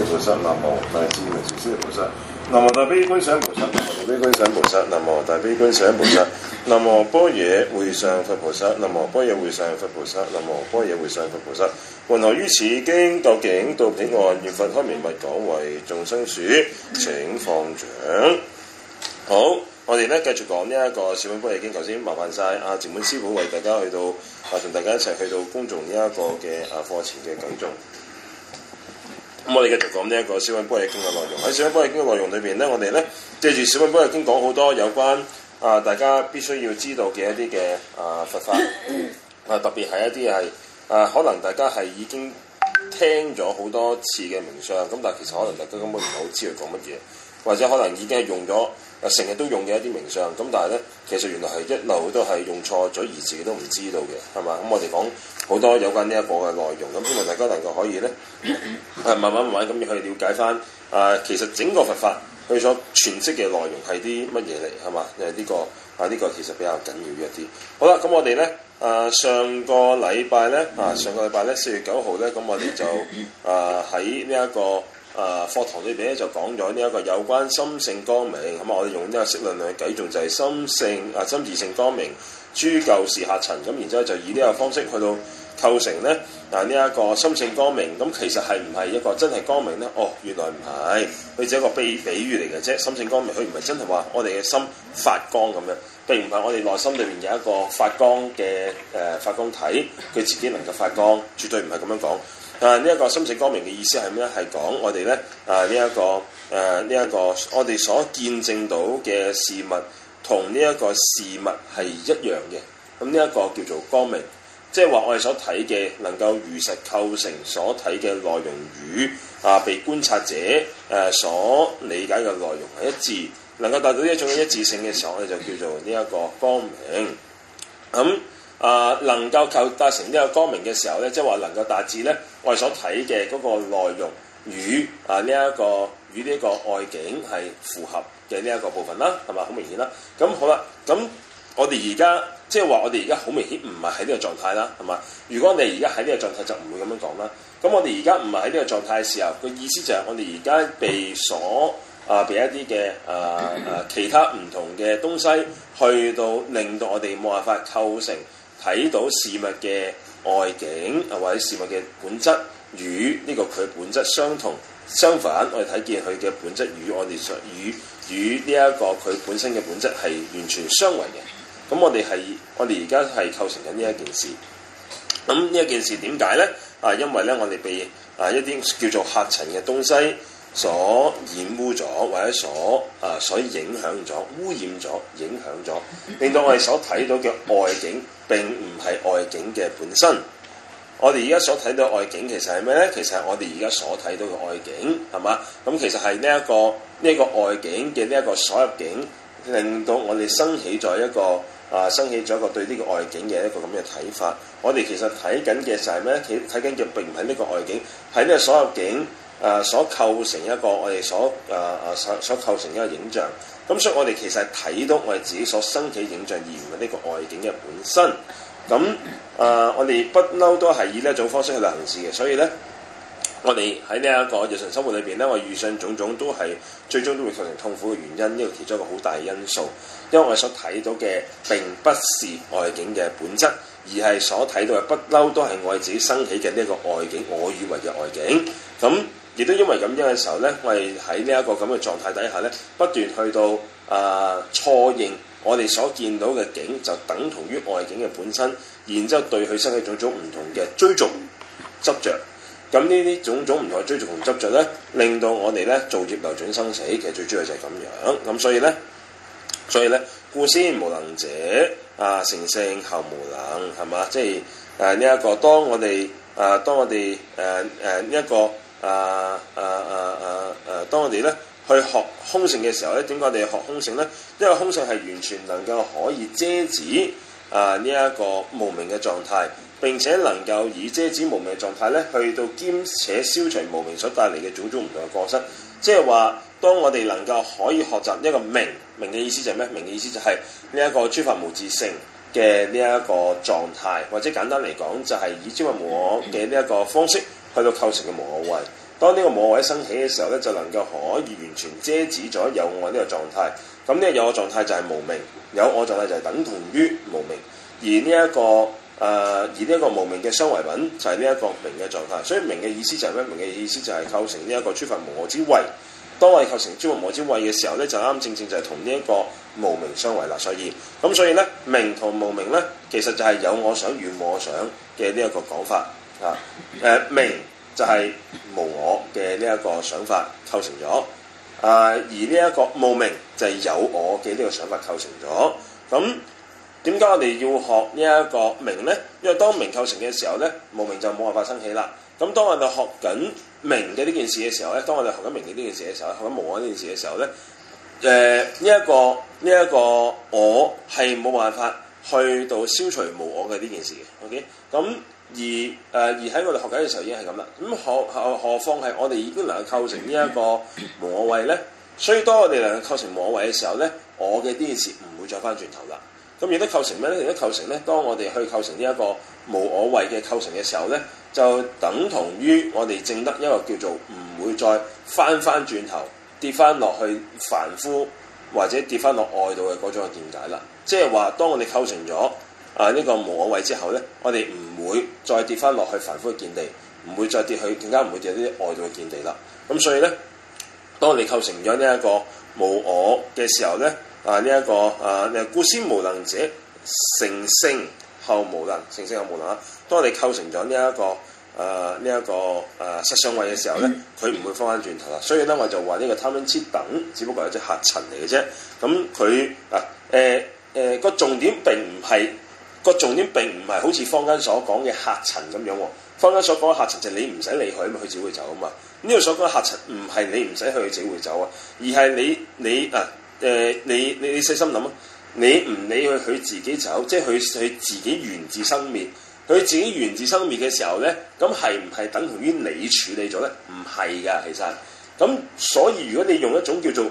菩薩，南無大智文殊師利菩薩，南無大悲觀世菩薩，大悲觀世菩薩，南無大悲觀世菩薩，南無般若會上佛菩薩，南無般若會上佛菩薩，南無般若會上佛菩薩。云何於此經，究竟到彼岸？願佛開明密廣為眾生說，請放掌。好，我哋咧繼續講呢一個《小本般若經》，頭先麻煩晒阿慈本師傅為大家去到啊，同大家一齊去到公眾呢一個嘅啊課前嘅講誦。咁、嗯、我哋繼續講呢一個小品般若經嘅內容，喺小品般若經嘅內容裏邊咧，我哋咧借住小品般若經講好多有關啊、呃、大家必須要知道嘅一啲嘅啊佛法啊、呃、特別係一啲係啊可能大家係已經聽咗好多次嘅名相咁，但係其實可能大家根本唔係好知佢講乜嘢，或者可能已經係用咗。成日都用嘅一啲名相，咁但係咧，其實原來係一路都係用錯咗，而自己都唔知道嘅，係嘛？咁我哋講好多有關呢一個嘅內容，咁希望大家能夠可以咧，係慢慢慢慢咁去了解翻啊、呃！其實整個佛法佢所詮釋嘅內容係啲乜嘢嚟，係嘛？誒呢、這個啊呢、這個其實比較緊要一啲。好啦，咁我哋咧啊上個禮拜咧啊、呃、上個禮拜咧四月九號咧，咁我哋就啊喺呢一個。誒課堂裏邊咧就講咗呢一個有關心性光明，咁啊我哋用呢個色論嚟計，仲就係、是、心性啊心自性光明諸舊事下沉，咁然之後就以呢個方式去到構成咧嗱呢一、啊這個心性光明。咁其實係唔係一個真係光明咧？哦，原來唔係，佢只係一個比比喻嚟嘅啫。心性光明佢唔係真係話我哋嘅心發光咁樣，並唔係我哋內心裏面有一個發光嘅誒、呃、發光體，佢自己能夠發光，絕對唔係咁樣講。啊！呢、這、一個心性光明嘅意思係咩？係講我哋咧啊！呢、這、一個誒，呢、啊、一、這個、啊這個、我哋所見證到嘅事物，同呢一個事物係一樣嘅。咁呢一個叫做光明，即係話我哋所睇嘅能夠如實構成所睇嘅內容與啊被觀察者誒、啊、所理解嘅內容係一致，能夠達到呢一種一致性嘅時候，咧就叫做呢一個光明。咁、嗯。啊、呃，能夠構達成呢個光明嘅時候咧，即係話能夠達至咧，我哋所睇嘅嗰個內容與啊呢一個與呢一個外景係符合嘅呢一個部分啦，係咪？好明顯啦。咁好啦，咁我哋而家即係話我哋而家好明顯唔係喺呢個狀態啦，係嘛？如果我哋而家喺呢個狀態，就唔會咁樣講啦。咁我哋而家唔係喺呢個狀態嘅時候，個意思就係我哋而家被所啊俾一啲嘅啊啊其他唔同嘅東西去到令到我哋冇辦法構成。睇到事物嘅外境，或者事物嘅本質，與呢、這個佢本質相同；相反，我哋睇見佢嘅本質，與我哋上與與呢一個佢本身嘅本質，係完全相違嘅。咁、嗯、我哋係我哋而家係構成緊呢一件事。咁呢一件事點解咧？啊，因為咧我哋被啊一啲叫做客塵嘅東西。所染污咗，或者所啊、呃，所影響咗、污染咗、影響咗，令到我哋所睇到嘅外境並唔係外境嘅本身。我哋而家所睇到外境其實係咩咧？其實係我哋而家所睇到嘅外境，係嘛？咁、嗯、其實、這個，係呢一個呢一個外境嘅呢一個所入境，令到我哋生起咗一個啊生、呃、起咗一個對呢個外境嘅一個咁嘅睇法。我哋其實睇緊嘅就係咩咧？其睇緊嘅並唔係呢個外境，係呢個所入境。誒、呃、所構成一個我哋、呃、所誒誒、呃、所所構成一個影像，咁、嗯、所以我哋其實睇到我哋自己所生起影像而唔係呢個外景嘅本身。咁、嗯、誒、呃，我哋不嬲都係以呢一種方式去行事嘅，所以咧，我哋喺呢一個日常生活裏邊咧，我遇上種種都係最終都會構成痛苦嘅原因，呢個其中一個好大嘅因素。因為我哋所睇到嘅並不是外景嘅本質，而係所睇到嘅不嬲都係我哋自己生起嘅呢個外景，我以為嘅外景。咁、嗯亦都因為咁樣嘅時候咧，我哋喺呢一個咁嘅狀態底下咧，不斷去到啊呃、錯認我哋所見到嘅景，就等同於外景嘅本身。然之後對佢生起種種唔同嘅追逐執着。咁呢啲種種唔同嘅追逐同執着咧，令到我哋咧造業流轉生死，其實最主要就係咁樣。咁所以咧，所以咧，故先無能者啊、呃，成性後無能係嘛？即係誒呢一個當我哋啊，當我哋誒誒呢一個。啊啊啊啊啊！當我哋咧去學空性嘅時候咧，點解我哋要學空性咧？因為空性係完全能夠可以遮止啊呢一個無明嘅狀態，並且能夠以遮止無明嘅狀態咧，去到兼且消除無明所帶嚟嘅種種唔同嘅過失。即係話，當我哋能夠可以學習一個明，明嘅意，意思就係咩？明嘅意思就係呢一個諸法無自性嘅呢一個狀態，或者簡單嚟講就係以諸法無我嘅呢一個方式。去到構成嘅無我位，當呢個無我位升起嘅時候咧，就能夠可以完全遮止咗有我呢個狀態。咁呢個有我狀態就係無明；有我狀態就等同於無明。而呢、這、一個誒、呃，而呢一個無明嘅相違品就係呢一個明嘅狀態。所以明嘅意思就係咩？明嘅意思就係構成呢一個諸佛無我之位。當我哋構成諸佛無我之位嘅時候咧，就啱正正就係同呢一個無明相違啦。所以咁，所以咧明同無明咧，其實就係有我想與我想嘅呢一個講法。 啊，誒、呃、明就係無我嘅呢一個想法構成咗，啊而呢一個無明就係有我嘅呢個想法構成咗。咁點解我哋要學呢一個明咧？因為當明構成嘅時候咧，無明就冇辦法生起啦。咁當我哋學緊明嘅呢件事嘅時候咧，當我哋學緊明嘅呢件事嘅時，時候，學緊無我呢件事嘅時候咧，誒呢一個呢一、這個我係冇辦法去到消除無我嘅呢件事嘅。OK，咁、啊。嗯而誒、呃、而喺我哋學緊嘅時候已經係咁啦，咁何何何況係我哋已經能夠構成呢一個無我位咧？所以當我哋能夠構成無我位嘅時候咧，我嘅呢件事唔會再翻轉頭啦。咁而得構成咩咧？而得構成咧？當我哋去構成呢一個無我位嘅構成嘅時候咧，就等同於我哋證得一個叫做唔會再翻翻轉頭跌翻落去凡夫或者跌翻落外道嘅嗰種嘅見解啦。即係話當我哋構成咗。啊！呢個無我位之後咧，我哋唔會再跌翻落去凡夫嘅見地，唔會再跌去，更加唔會跌啲外道嘅見地啦。咁所以咧，當你哋構成咗呢一個無我嘅時候咧，啊呢一個啊，故先無能者成聖後無能，成聖後無能啊！當你哋構成咗呢一個啊呢一個啊，啊失相位嘅時候咧，佢唔會翻返轉頭啦。所以咧，我就話呢個貪嗔痴等，om，只不過係啲客塵嚟嘅啫。咁佢啊誒誒個重點並唔係。個重點並唔係好似坊間所講嘅客塵咁樣喎，坊間所講嘅客塵就係你唔使理佢啊嘛，佢自己會走啊嘛。呢個所講嘅客塵唔係你唔使去佢自己會走啊，而、呃、係你你啊誒你你你細心諗啊，你唔理佢佢自己走，即係佢佢自己源自生滅，佢自己源自生滅嘅時候咧，咁係唔係等同於你處理咗咧？唔係噶，其實咁所以如果你用一種叫做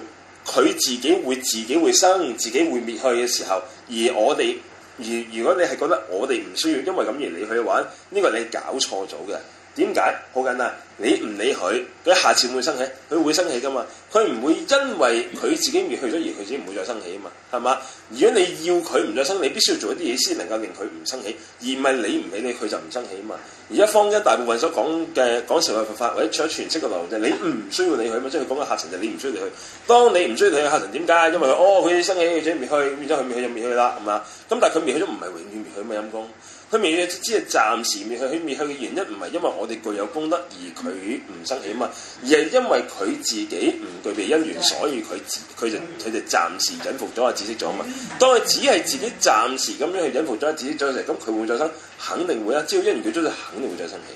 佢自己會自己會生，自己會滅去嘅時候，而我哋。而如果你係覺得我哋唔需要，因為咁而你去玩嘅話，呢、呢個你搞錯咗嘅。點解？好簡單，你唔理佢，佢下次會生起，佢會生起㗎嘛？佢唔會因為佢自己滅去咗而佢自己唔會再生起啊嘛？係嘛？如果你要佢唔再生，你必須要做一啲嘢先能夠令佢唔生起，而唔係理唔理你佢就唔生起啊嘛？而家坊間大部分所講嘅講成為佛法或者咗全息嘅流動性，你唔需要理佢嘛？即係佢講緊客塵就你唔需要理佢。當你唔需要理佢客塵，點解？因為哦，佢生起佢就滅去，變咗佢滅去就滅去啦，係嘛？咁但係佢滅去咗唔係永遠滅去咩陰功？佢未去，只係暫時未去。佢未去嘅原因唔係因為我哋具有功德而佢唔生起啊嘛，而係因為佢自己唔具備因緣，所以佢佢就佢就暫時隱伏咗啊，止息咗啊嘛。當佢只係自己暫時咁樣去隱伏咗、止息咗時，咁佢會再生，肯定會啊！只要因緣具足，就肯定會再生起。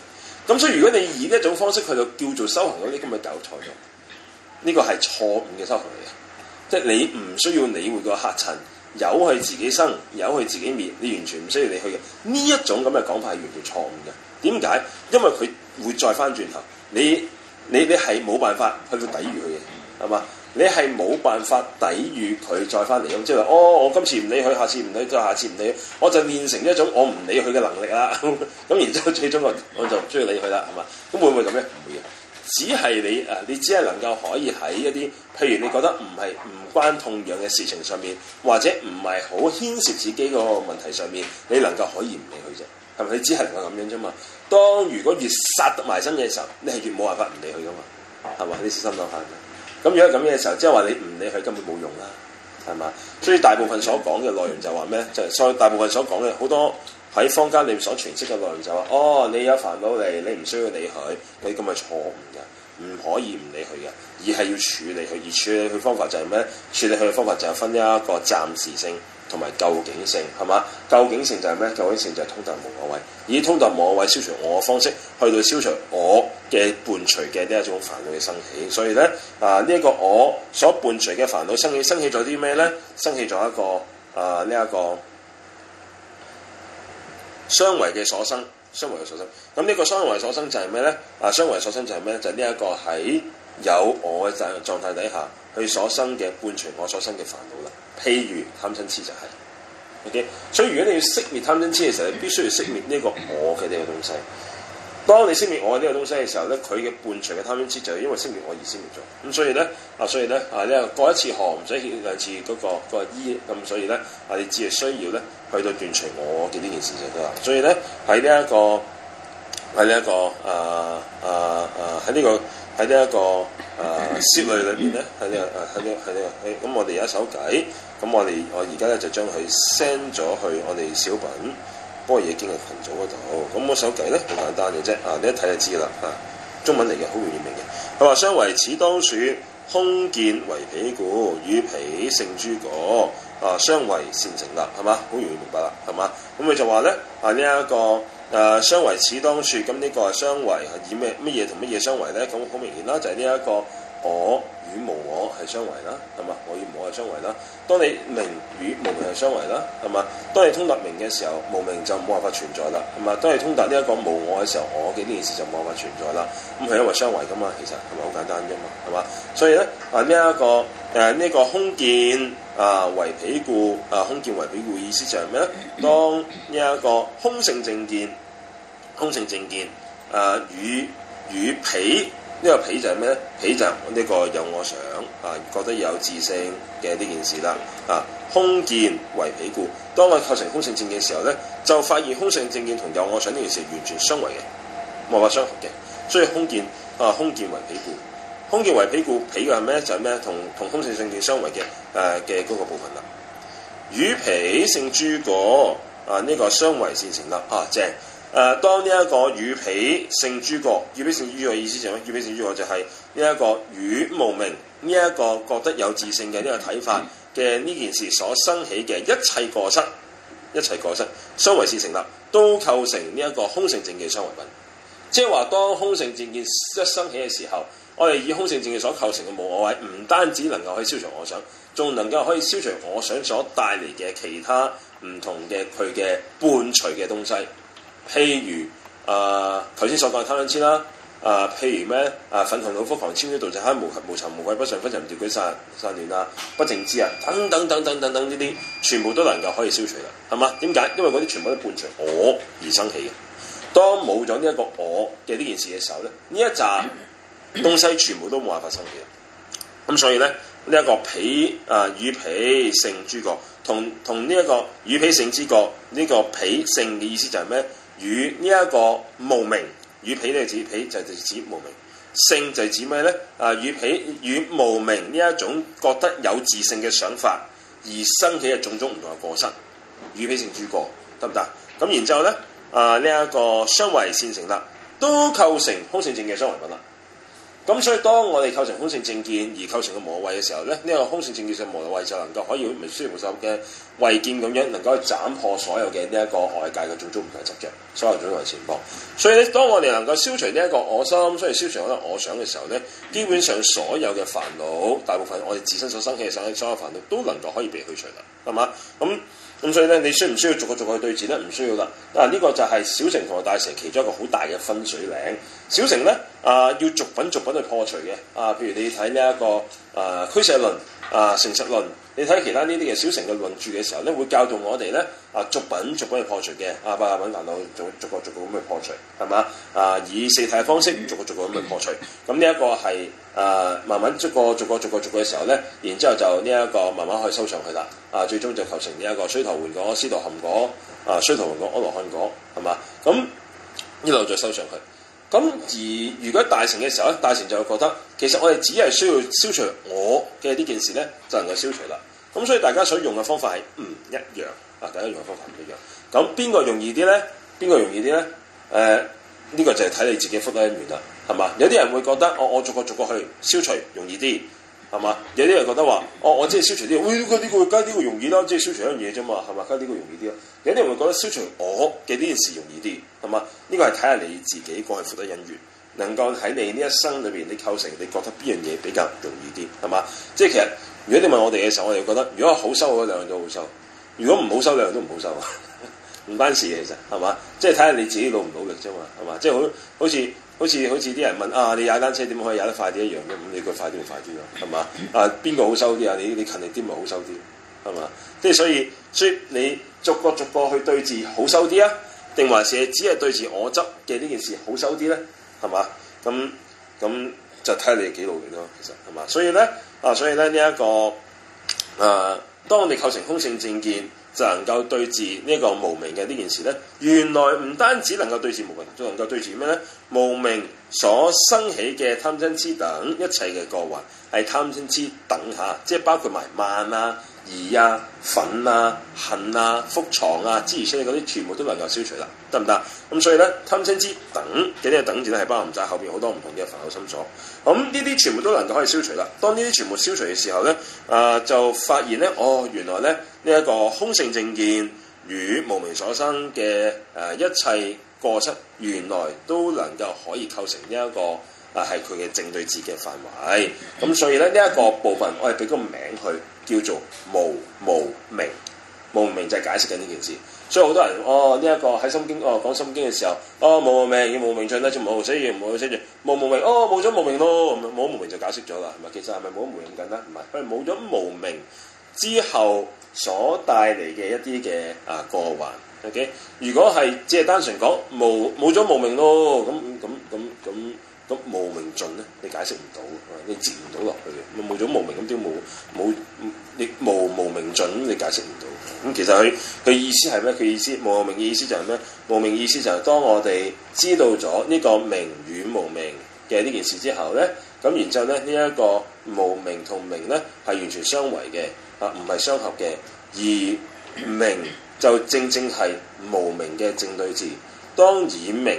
咁所以如果你以呢一種方式佢就叫做修行嗰啲咁嘅教材。錯，呢個係錯誤嘅修行嚟嘅，即係你唔需要理會個客塵。由佢自己生，由佢自己滅，你完全唔需要理佢嘅。呢一種咁嘅講法係完全錯誤嘅。點解？因為佢會再翻轉頭，你你你係冇辦法去到抵禦佢嘅，係嘛？你係冇辦法抵禦佢再翻嚟咁，即係話哦，我今次唔理佢，下次唔理，再下次唔理，我就練成一種我唔理佢嘅能力啦。咁 然之後最終我我就唔中意理佢啦，係嘛？咁會唔會咁咧？唔會嘅，只係你啊，你只係能夠可以喺一啲。譬如你覺得唔係唔關痛癢嘅事情上面，或者唔係好牽涉自己嗰個問題上面，你能夠可以唔理佢啫？係咪？你只係能夠咁樣啫嘛。當如果越殺得埋身嘅時候，你係越冇辦法唔理佢噶嘛係嘛？你小心諗翻啦。咁如果咁嘅時候，即係話你唔理佢根本冇用啦，係嘛？所以大部分所講嘅內容就話咩？就係所以大部分所講嘅好多喺坊間裏面所傳釋嘅內容就話哦，你有煩惱嚟，你唔需要理佢，你咁係錯誤嘅，唔可以唔理佢嘅。而係要處理佢，而處理佢方法就係咩？處理佢嘅方法就係分一個暫時性同埋究竟性，係嘛？究竟性就係咩？究竟性就係通達無我位，以通達無我位消除我嘅方式去到消除我嘅伴隨嘅呢一種煩惱嘅升起。所以咧，啊呢一個我所伴隨嘅煩惱升起，升起咗啲咩咧？升起咗一個啊呢一個雙維嘅所生，雙維嘅所生。咁呢個雙維所生就係咩咧？啊雙維所生就係咩咧？就係呢一個喺有我嘅責任狀態底下，佢所生嘅伴隨我所生嘅煩惱啦。譬如貪嗔痴就係，OK。所以如果你要熄滅貪嗔痴嘅時候，你必須要熄滅呢個我嘅呢個東西。當你熄滅我呢個東西嘅時候咧，佢嘅伴隨嘅貪嗔痴就係因為熄滅我而熄滅咗。咁所以咧啊，所以咧啊，你過一次河唔使欠兩次嗰個、嗰個醫。咁所以咧啊，你只係需要咧去到斷除我嘅呢件事就得啦。所以咧喺呢一個喺呢一個啊啊啊喺呢個。喺呢一個啊，詞類裏邊咧，喺呢個，喺呢，喺呢個，咁我哋有一首偈，咁我哋我而家咧就將佢 send 咗去我哋小品般若經嘅群組嗰度。咁個首偈咧好簡單嘅啫，啊，你一睇就知啦，啊，中文嚟嘅，好容易明嘅。佢話：相違此當說，空見違彼故，與彼性諸過，啊，相違善成立，係嘛？好容易明白啦，係嘛？咁佢就話咧，啊呢一、這個。誒、呃、相違此當說，咁呢個係相違係以咩乜嘢同乜嘢相違咧？咁好明顯啦，就係呢一個我。哦與無我係相違啦，係嘛？我與無我係相違啦。當你明與無明係相違啦，係嘛？當你通達明嘅時候，無明就冇辦法存在啦，係嘛？當你通達呢一個無我嘅時候，我嘅呢件事就冇辦法存在啦。咁係因為相違噶嘛，其實係咪好簡單啫嘛？係嘛？所以咧，啊呢一、這個誒呢一個空見啊違、呃、彼故啊、呃、空見違彼故意思就係咩咧？當呢一個空性正見，空性正見誒、呃、與與彼。個呢個彼就係咩咧？彼就係呢個有我想啊，覺得有自性嘅呢件事啦。啊，空見違彼故，當我構成空性正見嘅時候咧，就發現空性正見同有我想呢件事完全相違嘅，無法相合嘅。所以空見啊，空見違彼故，空見違彼故，彼嘅係咩咧？就係咩咧？同同空性正見相違嘅誒嘅嗰個部分啦。與彼性諸過啊，呢、這個相違善成立。啊，正。誒、呃，當呢一個與皮與皮與彼性諸過，與彼性諸過嘅意思與就係咩？與彼性諸過就係呢一個與無明、呢、這、一個覺得有自性嘅呢、這個睇法嘅呢件事所生起嘅一切過失，一切過失相違善成立，都構成呢一個空性正見相違品。即係話，當空性正見一生起嘅時候，我哋以空性正見所構成嘅無我位，唔單止能夠可以消除我想，仲能夠可以消除我想所帶嚟嘅其他唔同嘅佢嘅伴隨嘅東西。譬如啊，頭、呃、先所講嘅貪嗔痴啦，啊，譬如咩啊，忿恨惱覆誑諂呢度，就係，無慚無愧不上不人，掉舉，散散亂啦，不正知啊等等等等等等呢啲，全部都能夠可以消除啦，係嘛？點解？因為嗰啲全部都伴隨我而生起嘅。當冇咗呢一個我嘅呢件事嘅時候咧，呢一集東西全部都冇辦法生起嘅。咁、啊、所以咧，呢、這、一個彼啊，與、呃、彼性諸過，同同呢一個與彼性諸過呢個彼性嘅意思就係咩？與呢一個無名與皮你指，字就係指無名性就係指咩咧？啊，與皮與無名呢一種覺得有自性嘅想法，而生起嘅種種唔同嘅過失，與皮成主過得唔得？咁然之後咧，啊呢一、這個雙維善成啦，都構成空性正嘅雙維品啦。咁、嗯、所以當我哋構成空性正見而構成嘅無我慧嘅時候咧，呢一、這個空性正見上無我慧就能夠可以唔需要無愁嘅慧見咁樣，能夠斬破所有嘅呢一個外界嘅眾多唔同嘅執著，所有種種嘅情況。所以咧，當我哋能夠消除呢一個我心，所以消除可能我想嘅時候咧，基本上所有嘅煩惱，大部分我哋自身所生起嘅所所有煩惱，都能夠可以被去除啦，係嘛？咁、嗯。咁所以咧，你需唔需要逐個逐個去對治咧？唔需要啦。啊，呢、這個就係小乘同大乘其中一個好大嘅分水嶺。小乘咧，啊，要逐品逐品去破除嘅。啊，譬如你睇呢一個啊，俱舍論啊，成實論。你睇其他呢啲嘅小乘嘅論著嘅時候咧，會教導我哋咧啊，逐品逐品去破除嘅阿伯阿品難度逐逐個逐個咁去破除，係嘛啊？以四諦嘅方式逐個逐個咁去破除，咁呢一個係啊，慢慢逐個逐個逐個逐個嘅時候咧，然之後就呢一個慢慢去收上去啦啊，最終就構成呢一個須陀洹果、斯陀含果啊、須陀洹果、阿羅漢果，係嘛？咁一路再收上去。咁而如果大乘嘅時候咧，大乘就會覺得其實我哋只係需要消除我嘅呢件事咧，就能夠消除啦。咁、嗯、所以大家所用嘅方法係唔一樣。啊，大家用嘅方法唔一樣。咁、嗯、邊個容易啲咧？邊個容易啲咧？誒、呃，呢、這個就係睇你自己福得一面啦，係嘛？有啲人會覺得我我逐個逐個去消除容易啲。係嘛？有啲人覺得話，哦，我即係消除啲，喂、哎，嗰啲佢梗係呢個容易啦，即係消除一樣嘢啫嘛，係嘛？梗係呢個容易啲啦。有啲人會覺得消除我嘅呢件事容易啲，係嘛？呢個係睇下你自己個人負擔因緣，能夠喺你呢一生裏邊，你構成你覺得邊樣嘢比較容易啲，係嘛？即係其實，如果你問我哋嘅時候，我哋覺得如果好收，我兩樣都好收；如果唔好收，兩樣都唔好收，唔 單事其實係嘛？即係睇下你自己努唔努力啫嘛，係嘛？即係好好似。好似好似啲人問啊，你踩單車點可以踩得快啲一樣嘅？咁你個快啲咪快啲咯，係嘛？啊，邊個好收啲啊？你你勤力啲咪好收啲，係嘛？即係所以，所以你逐個逐個去對治好收啲啊？定還是只係對治我執嘅呢件事好收啲咧？係嘛？咁咁就睇下你幾努力咯，其實係嘛？所以咧啊，所以咧呢一個啊，當我哋構成空性正見，就能夠對治呢個無明嘅呢件事咧，原來唔單止能夠對治無明，仲能夠對治咩咧？無明所生起嘅貪瞋癡等一切嘅過患，係貪瞋癡等下即係包括埋慢啊、疑啊、憤啊、恨啊、覆藏啊、之餘所有嗰啲，全部都能夠消除啦，得唔得？咁所以咧，貪嗔癡等，呢、這個等字咧係包含晒後邊好多唔同嘅煩惱心所。咁呢啲全部都能夠可以消除啦。當呢啲全部消除嘅時候咧，啊、呃、就發現咧，哦原來咧呢一、這個空性正見與無明所生嘅誒、呃、一切過失，原來都能夠可以構成呢一個啊係佢嘅正對治嘅範圍。咁、嗯、所以咧呢一、這個部分，我哋俾個名佢。叫做無無明，無明就係解釋緊呢件事，所以好多人哦呢一、這個喺《哦、心經》哦講《心經》嘅時候，哦無無明，亦無無明盡，就冇，所以唔好寫住無無明，哦冇咗無明咯，冇咗無明就解釋咗啦，係咪？其實係咪冇咗無明緊啦？唔係，佢係冇咗無明之後所帶嚟嘅一啲嘅啊過患。O、okay? K，如果係只係單純講無冇咗無明咯，咁咁咁咁。都無明盡咧，你解釋唔到，你接唔到落去嘅。冇咗無明咁都冇冇，你無無,無,無,無明盡你解釋唔到。咁、嗯、其實佢佢意思係咩？佢意思無明嘅意思就係咩？無明意思就係、是、當我哋知道咗呢個明與無明嘅呢件事之後咧，咁然之後咧呢一、這個無明同明咧係完全相違嘅，嚇唔係相合嘅，而明就正正係無明嘅正對治。當以明。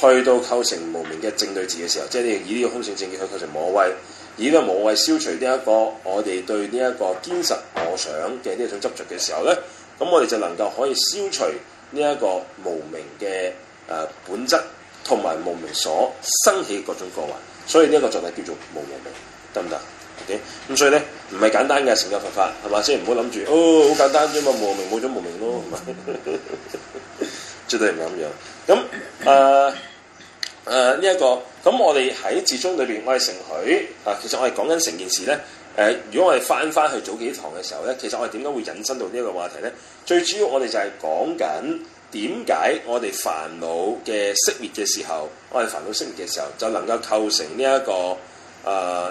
去到構成無明嘅正對治嘅時候，即係你以呢個空性正見去構成無畏，以呢個無畏消除呢一個我哋對呢一個堅實我想嘅呢種執着嘅時候咧，咁我哋就能夠可以消除呢一個無明嘅誒、呃、本質同埋無明所生起各種過患。所以呢一個就係叫做無無明行行、okay? 就是哦、無無明，得唔得？OK，咁所以咧唔係簡單嘅成就佛法係嘛？即係唔好諗住哦，好簡單啫嘛，無明冇咗無明咯， 絕對唔係咁樣。咁誒。呃誒呢一個咁、嗯，我哋喺自宗裏邊，我係承許啊。其實我係講緊成件事咧。誒、呃，如果我哋翻翻去早幾堂嘅時候咧，其實我哋點解會引申到呢一個話題咧？最主要我哋就係講緊點解我哋煩惱嘅熄滅嘅時候，我哋煩惱熄滅嘅時候，就能夠構成呢、這、一個誒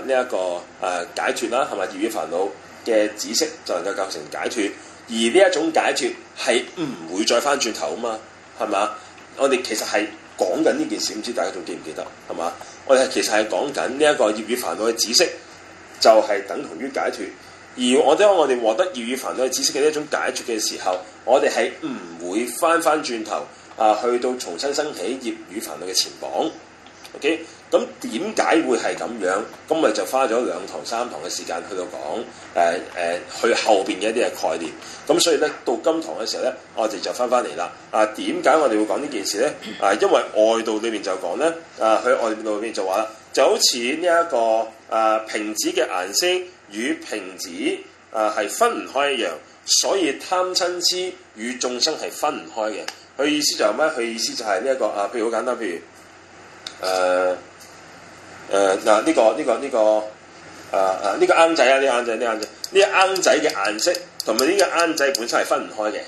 呢一個誒、呃、解脫啦，係咪？業與煩惱嘅止息就能夠構成解脫，而呢一種解脫係唔會再翻轉頭啊嘛，係咪啊？我哋其實係。講緊呢件事，唔知大家仲記唔記得係嘛？我哋其實係講緊呢一個業與煩惱嘅止息，就係、是、等同於解脫。而我當我哋獲得業與煩惱嘅止息嘅一種解脫嘅時候，我哋係唔會翻翻轉頭啊，去到重新生起業與煩惱嘅纏縛。OK，咁點解會係咁樣？今日就花咗兩堂三堂嘅時間去到講，誒、呃、誒、呃，去後邊嘅一啲嘅概念。咁所以咧，到今堂嘅時候咧，我哋就翻翻嚟啦。啊，點解我哋會講呢件事咧？啊，因為外道裏邊就講咧，啊，喺外道裏邊就話啦，就好似呢一個啊瓶子嘅顏色與瓶子啊係分唔開一樣，所以貪瞋癡與眾生係分唔開嘅。佢意思就係咩？佢意思就係呢一個啊，譬如好簡單，譬如。誒誒嗱，呢、uh, uh, 這個呢、這個呢、這個誒誒呢個罌仔啊，呢、這、罌、個、仔呢罌、這個、仔呢罌、這個、仔嘅顏色同埋呢個罌仔本身係分唔開嘅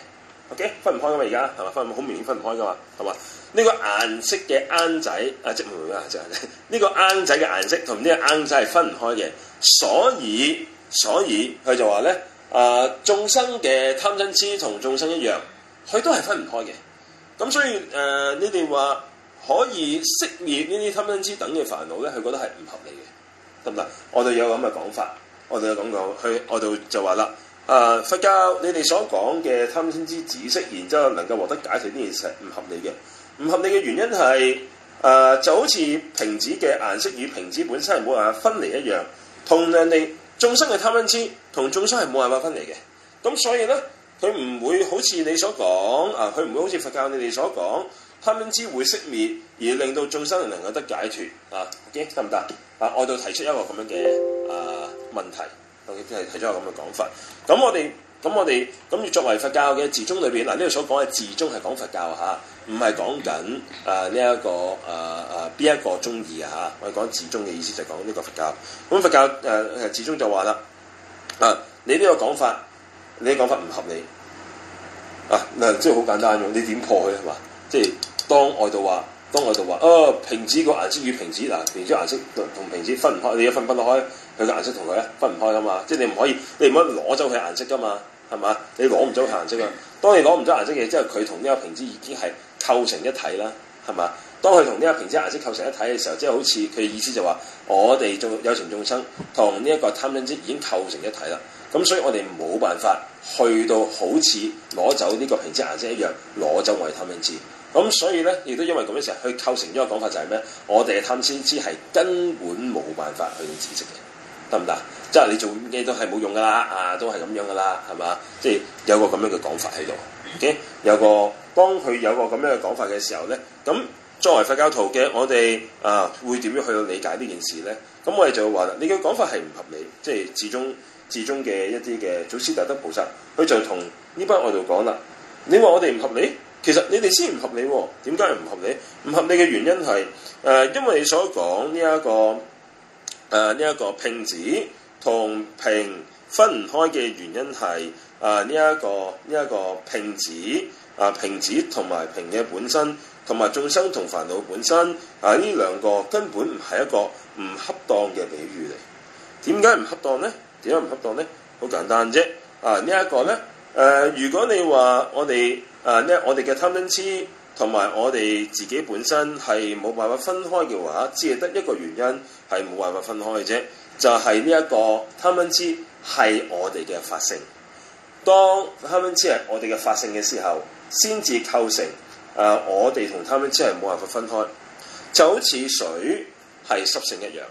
，O K 分唔開噶嘛，而家係嘛，分好明顯分唔開噶嘛係嘛，呢個顏色嘅罌仔啊即係唔同嘅顏色，呢個罌仔嘅顏色同呢個罌仔係分唔開嘅，所以所以佢就話咧啊眾生嘅貪嗔痴同眾生一樣，佢都係分唔開嘅，咁所以誒、呃、你哋話。可以熄滅呢啲貪瞋痴等嘅煩惱咧，佢覺得係唔合理嘅，得唔得？我哋有咁嘅講法，我哋有講講佢，我哋就話啦，誒、呃、佛教你哋所講嘅貪瞋痴止息，然之後能夠獲得解除呢件事唔合理嘅，唔合理嘅原因係誒、呃、就好似瓶子嘅顏色與瓶子本身係冇辦法分離一樣，同人哋眾生嘅貪瞋痴同眾生係冇辦法分離嘅，咁所以咧佢唔會好似你所講啊，佢、呃、唔會好似佛教你哋所講。根本之會熄滅，而令到眾生人能夠得解脫啊！OK，得唔得？啊，外道提出一個咁樣嘅啊問題。OK，即係提出一個咁嘅講法。咁我哋，咁我哋，咁作為佛教嘅自宗裏邊嗱，呢度所講嘅自宗係講佛教嚇，唔係講緊啊呢一個啊啊邊一個宗義。啊嚇。我哋講自宗嘅意思就係講呢個佛教。咁佛教誒自宗就話啦，啊你呢個講法，你、這、啲、個、講法唔合理啊嗱，即係好簡單用，你點破佢係嘛？即係。當外道話，當外道話，哦瓶子個顏色與瓶子嗱，瓶子顏色同瓶子分唔開，你又分，分，分不開佢嘅顏色同佢咧分唔開噶嘛？即係你唔可以，你唔可以攞走佢顏色噶嘛？係嘛？你攞唔走佢顏色啊！當你攞唔走顏色嘅之後，佢同呢個瓶子已經係構成一體啦，係嘛？當佢同呢個瓶子顏色構成一體嘅時候，即係好似佢意思就話，我哋眾有情眾生同呢一個貪嗔痴已經構成一體啦。咁所以我哋冇辦法去到好似攞走呢個瓶子顏色一樣攞走我哋貪嗔痴。咁所以咧，亦都因為咁樣成日去構成咗個講法就係咩？我哋嘅探先知係根本冇辦法去知識嘅，得唔得？即係你做機都係冇用噶啦，啊，都係咁樣噶啦，係嘛？即係有個咁樣嘅講法喺度。OK，有個當佢有個咁樣嘅講法嘅時候咧，咁作為佛教徒嘅我哋啊，會點樣去理解呢件事咧？咁我哋就會話啦，你嘅講法係唔合理。即係自宗自宗嘅一啲嘅祖師大德菩薩，佢就同呢班外道講啦：你話我哋唔合理？其實你哋先唔合理喎，啊，點解唔合理？唔合理嘅原因係誒，呃，因為你所講呢一個誒呢一個瓶子同瓶分唔開嘅原因係啊呢一個呢一，這個瓶子啊瓶，呃，子同埋瓶嘅本身，同埋眾生同煩惱本身啊呢兩個根本唔係一個唔恰當嘅比喻嚟。點解唔恰當咧？點解唔恰當咧？好簡單啫。啊，呃這個，呢一個咧誒，如果你話我哋誒咧、uh，我哋嘅貪嗔痴同埋我哋自己本身係冇辦法分開嘅話，只係得一個原因係冇辦法分開嘅啫，就係呢一個貪嗔痴係我哋嘅法性。當貪嗔痴係我哋嘅法性嘅時候，先至構成誒、啊、我哋同貪嗔痴係冇辦法分開。就好似水係濕性一樣，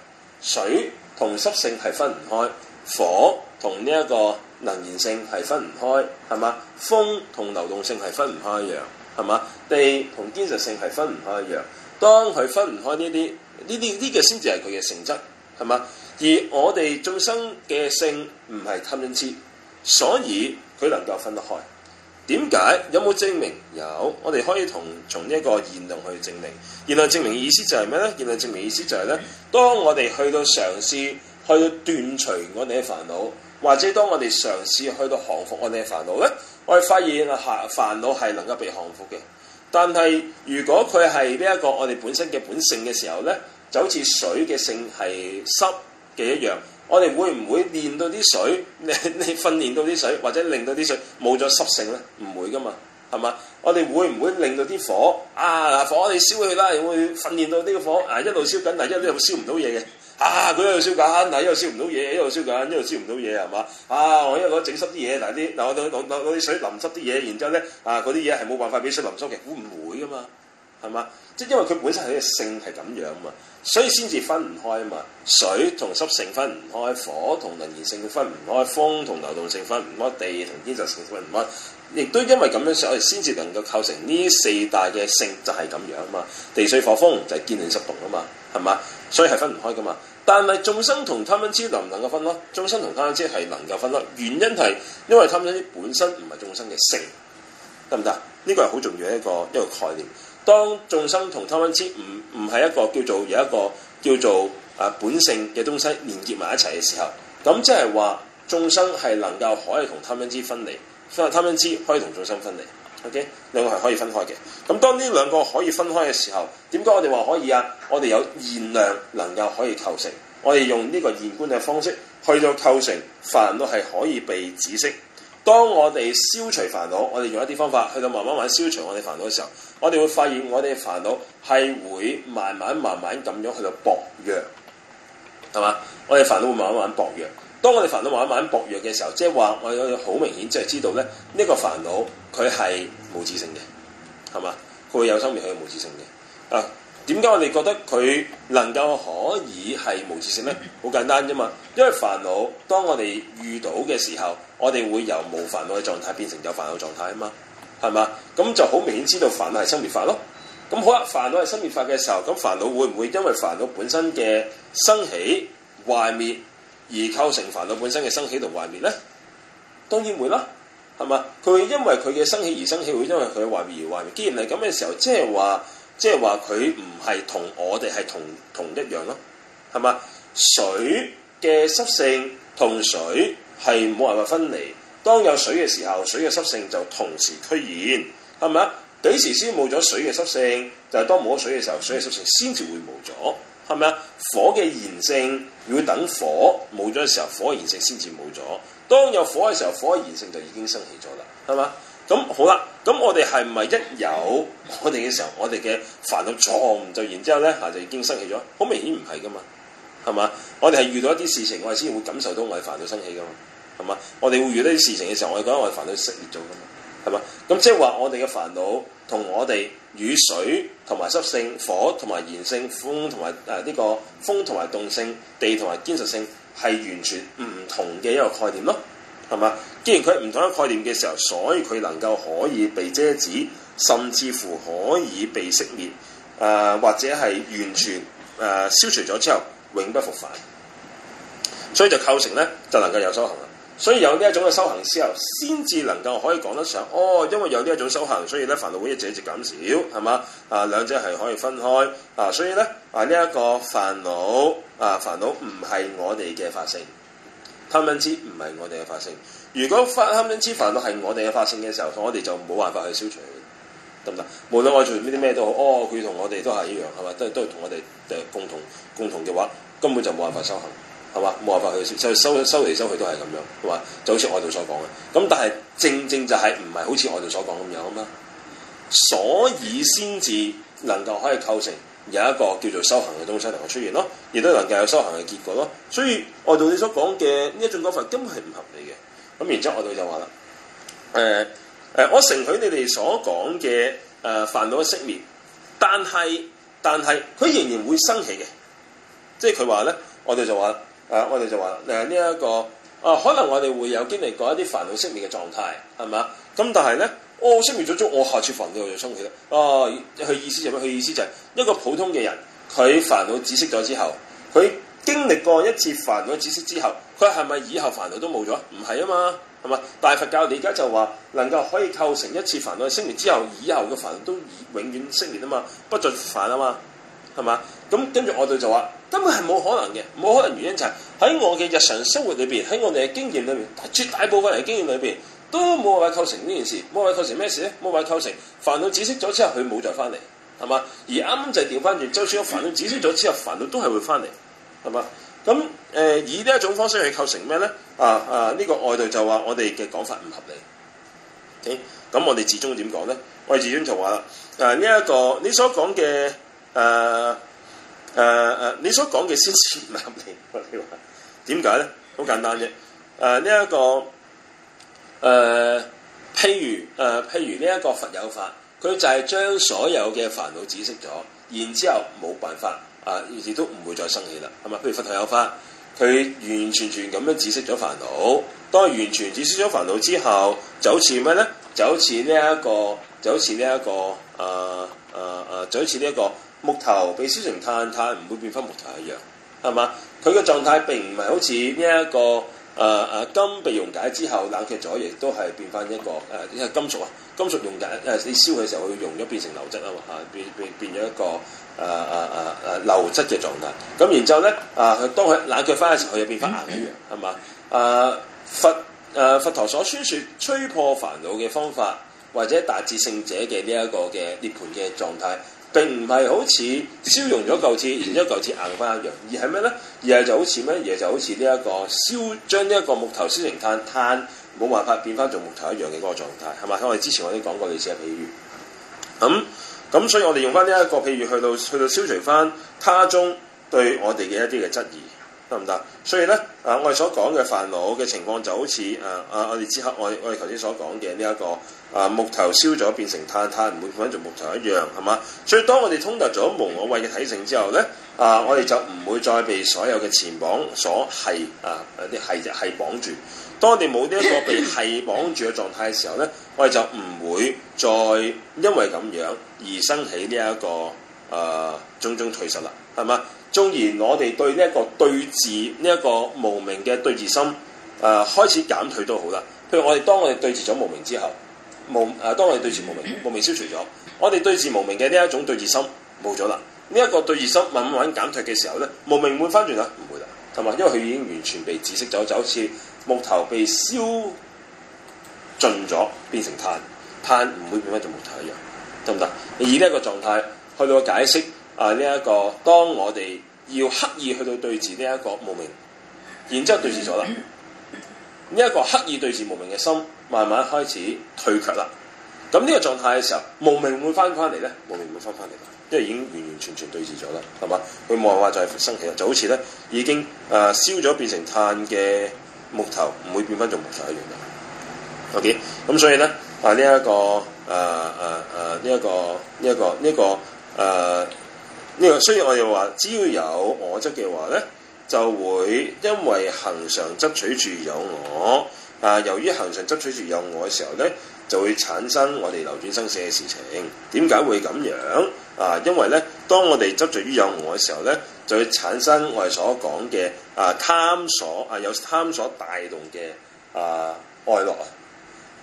水同濕性係分唔開，火同呢一個。能燃性係分唔開，係嘛？風同流動性係分唔開一樣，係嘛？地同堅實性係分唔開一樣。當佢分唔開呢啲，呢啲呢個先至係佢嘅性質，係嘛？而我哋眾生嘅性唔係貪嗔痴，所以佢能夠分得開。點解？有冇證明？有，我哋可以同從呢一個現量去證明。現量證明意思就係咩咧？現量證明意思就係、是、咧，當我哋去到嘗試去到斷除我哋嘅煩惱。或者當我哋嘗試去到降服我哋嘅煩惱咧，我哋發現啊，煩惱係能夠被降服嘅。但係如果佢係呢一個我哋本身嘅本性嘅時候咧，就好似水嘅性係濕嘅一樣，我哋會唔會練到啲水？你你訓練到啲水，或者令到啲水冇咗濕性咧？唔會㗎嘛，係嘛？我哋會唔會令到啲火啊？火我哋燒佢啦，會訓練到呢個火啊，一路燒緊，但係一路燒唔到嘢嘅。啊！佢喺度燒緊，嗱，一路燒唔到嘢，一度燒緊，一度燒唔到嘢，係嘛？啊！我因為我整濕啲嘢，嗱啲嗱，我我我攞啲水淋濕啲嘢，然之後咧啊嗰啲嘢係冇辦法俾水淋濕嘅，會唔會噶嘛？係嘛？即係因為佢本身係個性係咁樣啊嘛，所以先至分唔開啊嘛。水同濕性分唔開，火同能源性分唔開，風同流動性分唔開，地同堅實性分唔開。亦都因為咁樣所以先至能夠構成呢四大嘅性就係咁樣啊嘛。地水火風就係堅定濕動啊嘛，係嘛？所以係分唔開噶嘛。但係眾生同貪嗔痴能唔能夠分咯？眾生同貪嗔痴係能夠分咯？原因係因為貪嗔痴本身唔係眾生嘅性，得唔得？呢個係好重要嘅一個一個概念。當眾生同貪嗔痴唔唔係一個叫做有一個叫做啊本性嘅東西連結埋一齊嘅時候，咁即係話眾生係能夠可以同貪嗔痴分離所以貪嗔痴可以同眾生分離。OK，兩個係可以分開嘅。咁當呢兩個可以分開嘅時候，點解我哋話可以啊？我哋有現量能夠可以構成，我哋用呢個現觀嘅方式去到構成煩惱係可以被遮止。當我哋消除煩惱，我哋用一啲方法去到慢慢慢慢消除我哋煩惱嘅時候，我哋會發現我哋嘅煩惱係會慢慢慢慢咁樣去到薄弱，係嘛？我哋煩惱會慢慢慢慢薄弱。當我哋煩惱慢慢薄弱嘅時候，即係話我哋好明顯即係知道咧，呢個煩惱佢係無自性嘅，係嘛？佢會有生滅係無自性嘅。啊，點解我哋覺得佢能夠可以係無自性咧？好簡單啫嘛，因為煩惱當我哋遇到嘅時候，我哋會由無煩惱嘅狀態變成有煩惱狀態啊嘛，係嘛？咁就好明顯知道煩惱係生滅法咯。咁好啊，煩惱係生滅法嘅時候，咁煩惱會唔會因為煩惱本身嘅生起壞滅？而構成煩惱本身嘅生起同壞滅咧，當然會啦，係嘛？佢會因為佢嘅生起而生起，會因為佢嘅壞滅而壞滅。既然係咁嘅時候，即係話，即係話佢唔係同我哋係同同一樣咯，係嘛？水嘅濕性同水係冇辦法分離。當有水嘅時候，水嘅濕性就同時出現，係咪啊？幾時先冇咗水嘅濕性？就係、是、當冇咗水嘅時候，水嘅濕性先至會冇咗。係咪啊？火嘅燃性要等火冇咗嘅時候，火嘅燃性先至冇咗。當有火嘅時候，火嘅燃性就已經升起咗啦，係嘛？咁好啦，咁我哋係唔係一有我哋嘅時候，我哋嘅煩惱錯誤就然之後咧吓就已經升起咗？好明顯唔係噶嘛，係嘛？我哋係遇到一啲事情，我哋先會感受到我哋煩惱生氣噶嘛，係嘛？我哋會遇到啲事情嘅時候，我哋覺得我哋煩惱熄滅咗噶嘛。係嘛？咁即係話我哋嘅煩惱同我哋與水同埋濕性、火同埋炎性、風同埋誒呢個風同埋動性、地同埋堅實性係完全唔同嘅一個概念咯。係嘛？既然佢唔同一概念嘅時候，所以佢能夠可以被遮止，甚至乎可以被熄滅，誒、呃、或者係完全誒、呃、消除咗之後永不復返。所以就構成咧，就能夠有所行動。所以有呢一種嘅修行之後，先至能夠可以講得上哦。因為有呢一種修行，所以咧煩惱會一直一直減少，係嘛？啊，兩者係可以分開啊。所以咧啊，呢一個煩惱啊，煩惱唔係我哋嘅法性，貪嗔痴唔係我哋嘅法性。如果貪嗔痴煩惱係我哋嘅法性嘅時候，我哋就冇辦法去消除，得唔得？無論我做邊啲咩都好，哦，佢同我哋都係一樣，係嘛？都係都係同我哋嘅共同共同嘅話，根本就冇辦法修行。係嘛？冇辦法去，就收收嚟收去都係咁樣，係嘛？就好似外道所講嘅。咁但係正正就係唔係好似外道所講咁樣啊？所以先至能夠可以構成有一個叫做修行嘅東西能夠出現咯，亦都能夠有修行嘅結果咯。所以外道你所講嘅呢一種講法根本係唔合理嘅。咁然之後，外道就話啦：誒、呃、誒、呃，我承許你哋所講嘅誒煩惱嘅熄滅，但係但係佢仍然會生起嘅。即係佢話咧，我哋就話。誒、啊，我哋就話誒呢一個啊，可能我哋會有經歷過一啲煩惱熄滅嘅狀態，係嘛？咁但係咧，我熄滅咗足，我下次煩惱就衝起啦。哦，佢、哦哦、意思做咩？佢意思就係一個普通嘅人，佢煩惱止息咗之後，佢經歷過一次煩惱止息之後，佢係咪以後煩惱都冇咗？唔係啊嘛，係嘛？大佛教，我而家就話能夠可以構成一次煩惱熄滅之後，以後嘅煩惱都永遠熄滅啊嘛，不再煩啊嘛，係嘛？咁跟住我哋就話。根本係冇可能嘅，冇可能原因就係喺我嘅日常生活裏邊，喺我哋嘅經驗裏邊，絕大部分人經驗裏邊都冇話構成呢件事，冇話構成咩事咧？冇話構成煩惱止息咗之後佢冇再翻嚟，係嘛？而啱啱就係調翻轉，就算煩惱止息咗之後，煩惱都係會翻嚟，係嘛？咁誒、呃、以呢一種方式去構成咩咧？啊啊！呢、這個外道就話我哋嘅講法唔合理。咁我哋始終點講咧？我哋始終就話啦，啊呢一個你所講嘅誒。啊誒誒、呃，你所講嘅先前立年，我哋話點解咧？好簡單啫。誒呢一個誒、呃，譬如誒、呃、譬如呢一個佛有法，佢就係將所有嘅煩惱止息咗，然之後冇辦法啊，亦都唔會再生氣啦，係咪？譬如佛陀有法，佢完完全全咁樣止息咗煩惱。當完全止息咗煩惱之後，就好似咩咧？就好似呢一個，就好似呢一個，誒誒誒，就好似呢一個。木頭被燒成炭，炭唔會變翻木頭一樣，係嘛？佢嘅狀態並唔係好似呢一個誒誒、呃、金被溶解之後冷卻咗，亦都係變翻一個誒，因為金屬啊，金屬溶解誒、呃，你燒嘅時候佢會溶咗變成流質啊嘛，嚇變變變咗一個誒誒誒誒流質嘅狀態。咁然之後咧，啊、呃、當佢冷卻翻嘅時候，佢又變翻硬一樣，係嘛？誒、呃、佛誒、呃、佛陀所宣説摧破煩惱嘅方法，或者達至聖者嘅呢一個嘅涅盤嘅狀態。並唔係好似消融咗舊鐵，然之後舊鐵硬翻一樣，而係咩咧？而係就好似咩嘢？就好似呢一個燒將呢一個木頭燒成炭，炭冇辦法變翻做木頭一樣嘅個狀態，係咪嘛？我哋之前我哋講過類似嘅譬如咁咁，所以我哋用翻呢一個譬如去到去到消除翻他中對我哋嘅一啲嘅質疑。得唔得？所以咧，啊，我哋所講嘅煩惱嘅情況就好似，啊啊，我哋此刻我我哋頭先所講嘅呢一個啊木頭燒咗變成炭炭，唔會變返做木頭一樣，係嘛？所以當我哋通達咗無我慧嘅體性之後咧，啊，我哋就唔會再被所有嘅纏綁所係啊一啲係係綁住。當我哋冇呢一個被係綁住嘅狀態嘅時候咧，我哋就唔會再因為咁樣而生起呢一個啊種種退失啦，係嘛？縱然我哋對呢一個對治呢一個無明嘅對治心，誒、呃、開始減退都好啦。譬如我哋當我哋對治咗無明之後，無誒、呃、當我哋對治無明無明消除咗，我哋對治無明嘅呢一種對治心冇咗啦。呢一、這個對治心慢慢慢減退嘅時候咧，無明會唔會翻轉啦？唔會啦，同埋因為佢已經完全被止息咗，就好似木頭被燒盡咗變成碳，碳唔會變翻做木頭一樣，得唔得？以呢一個狀態去到解釋。啊！呢、這、一個，當我哋要刻意去到對治呢一個無明，然之後對治咗啦。呢、這、一個刻意對治無明嘅心，慢慢開始退卻啦。咁、嗯、呢、這個狀態嘅時候，無明會翻翻嚟咧？無明會翻翻嚟，因為已經完完全全對治咗啦，係嘛？佢冇人話就係生起啦，就好似咧已經誒、呃、燒咗變成碳嘅木頭，唔會變翻做木頭一樣啦。OK，咁、嗯、所以咧，啊呢一、這個誒誒誒呢一個呢一、這個呢、這個誒。呃呢個所以我又話，只要有我執嘅話咧，就會因為恒常執取住有我啊、呃。由於恒常執取住有我嘅時候咧，就會產生我哋流轉生死嘅事情。點解會咁樣啊、呃？因為咧，當我哋執著於有我嘅時候咧，就會產生我哋所講嘅啊貪所啊、呃，有貪所帶動嘅啊、呃、愛樂啊。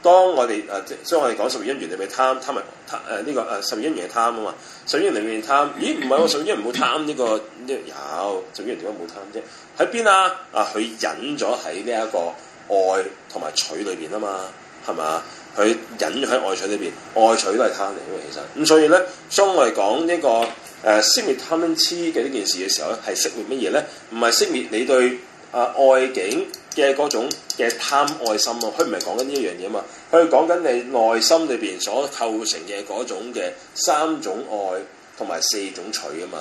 當我哋即所以我哋講十二因緣裏邊貪貪物貪誒呢、呃這個誒、啊、十二因緣係貪啊嘛，十二因裏面貪，咦唔係喎十二因唔好貪呢、這個這個這個這個，有十二因點解冇貪啫？喺邊啊？啊佢隱咗喺呢一個愛同埋取裏邊啊嘛，係嘛？佢咗喺愛取裏邊，愛取都係貪嚟嘅，其實咁、嗯、所以咧，當我哋講呢個誒熄滅貪嗔痴嘅呢件事嘅時候咧，係熄滅乜嘢咧？唔係熄滅你對。啊，外境嘅嗰種嘅貪愛心啊，佢唔係講緊呢一樣嘢嘛，佢講緊你內心裏邊所構成嘅嗰種嘅三種愛同埋四種取啊嘛，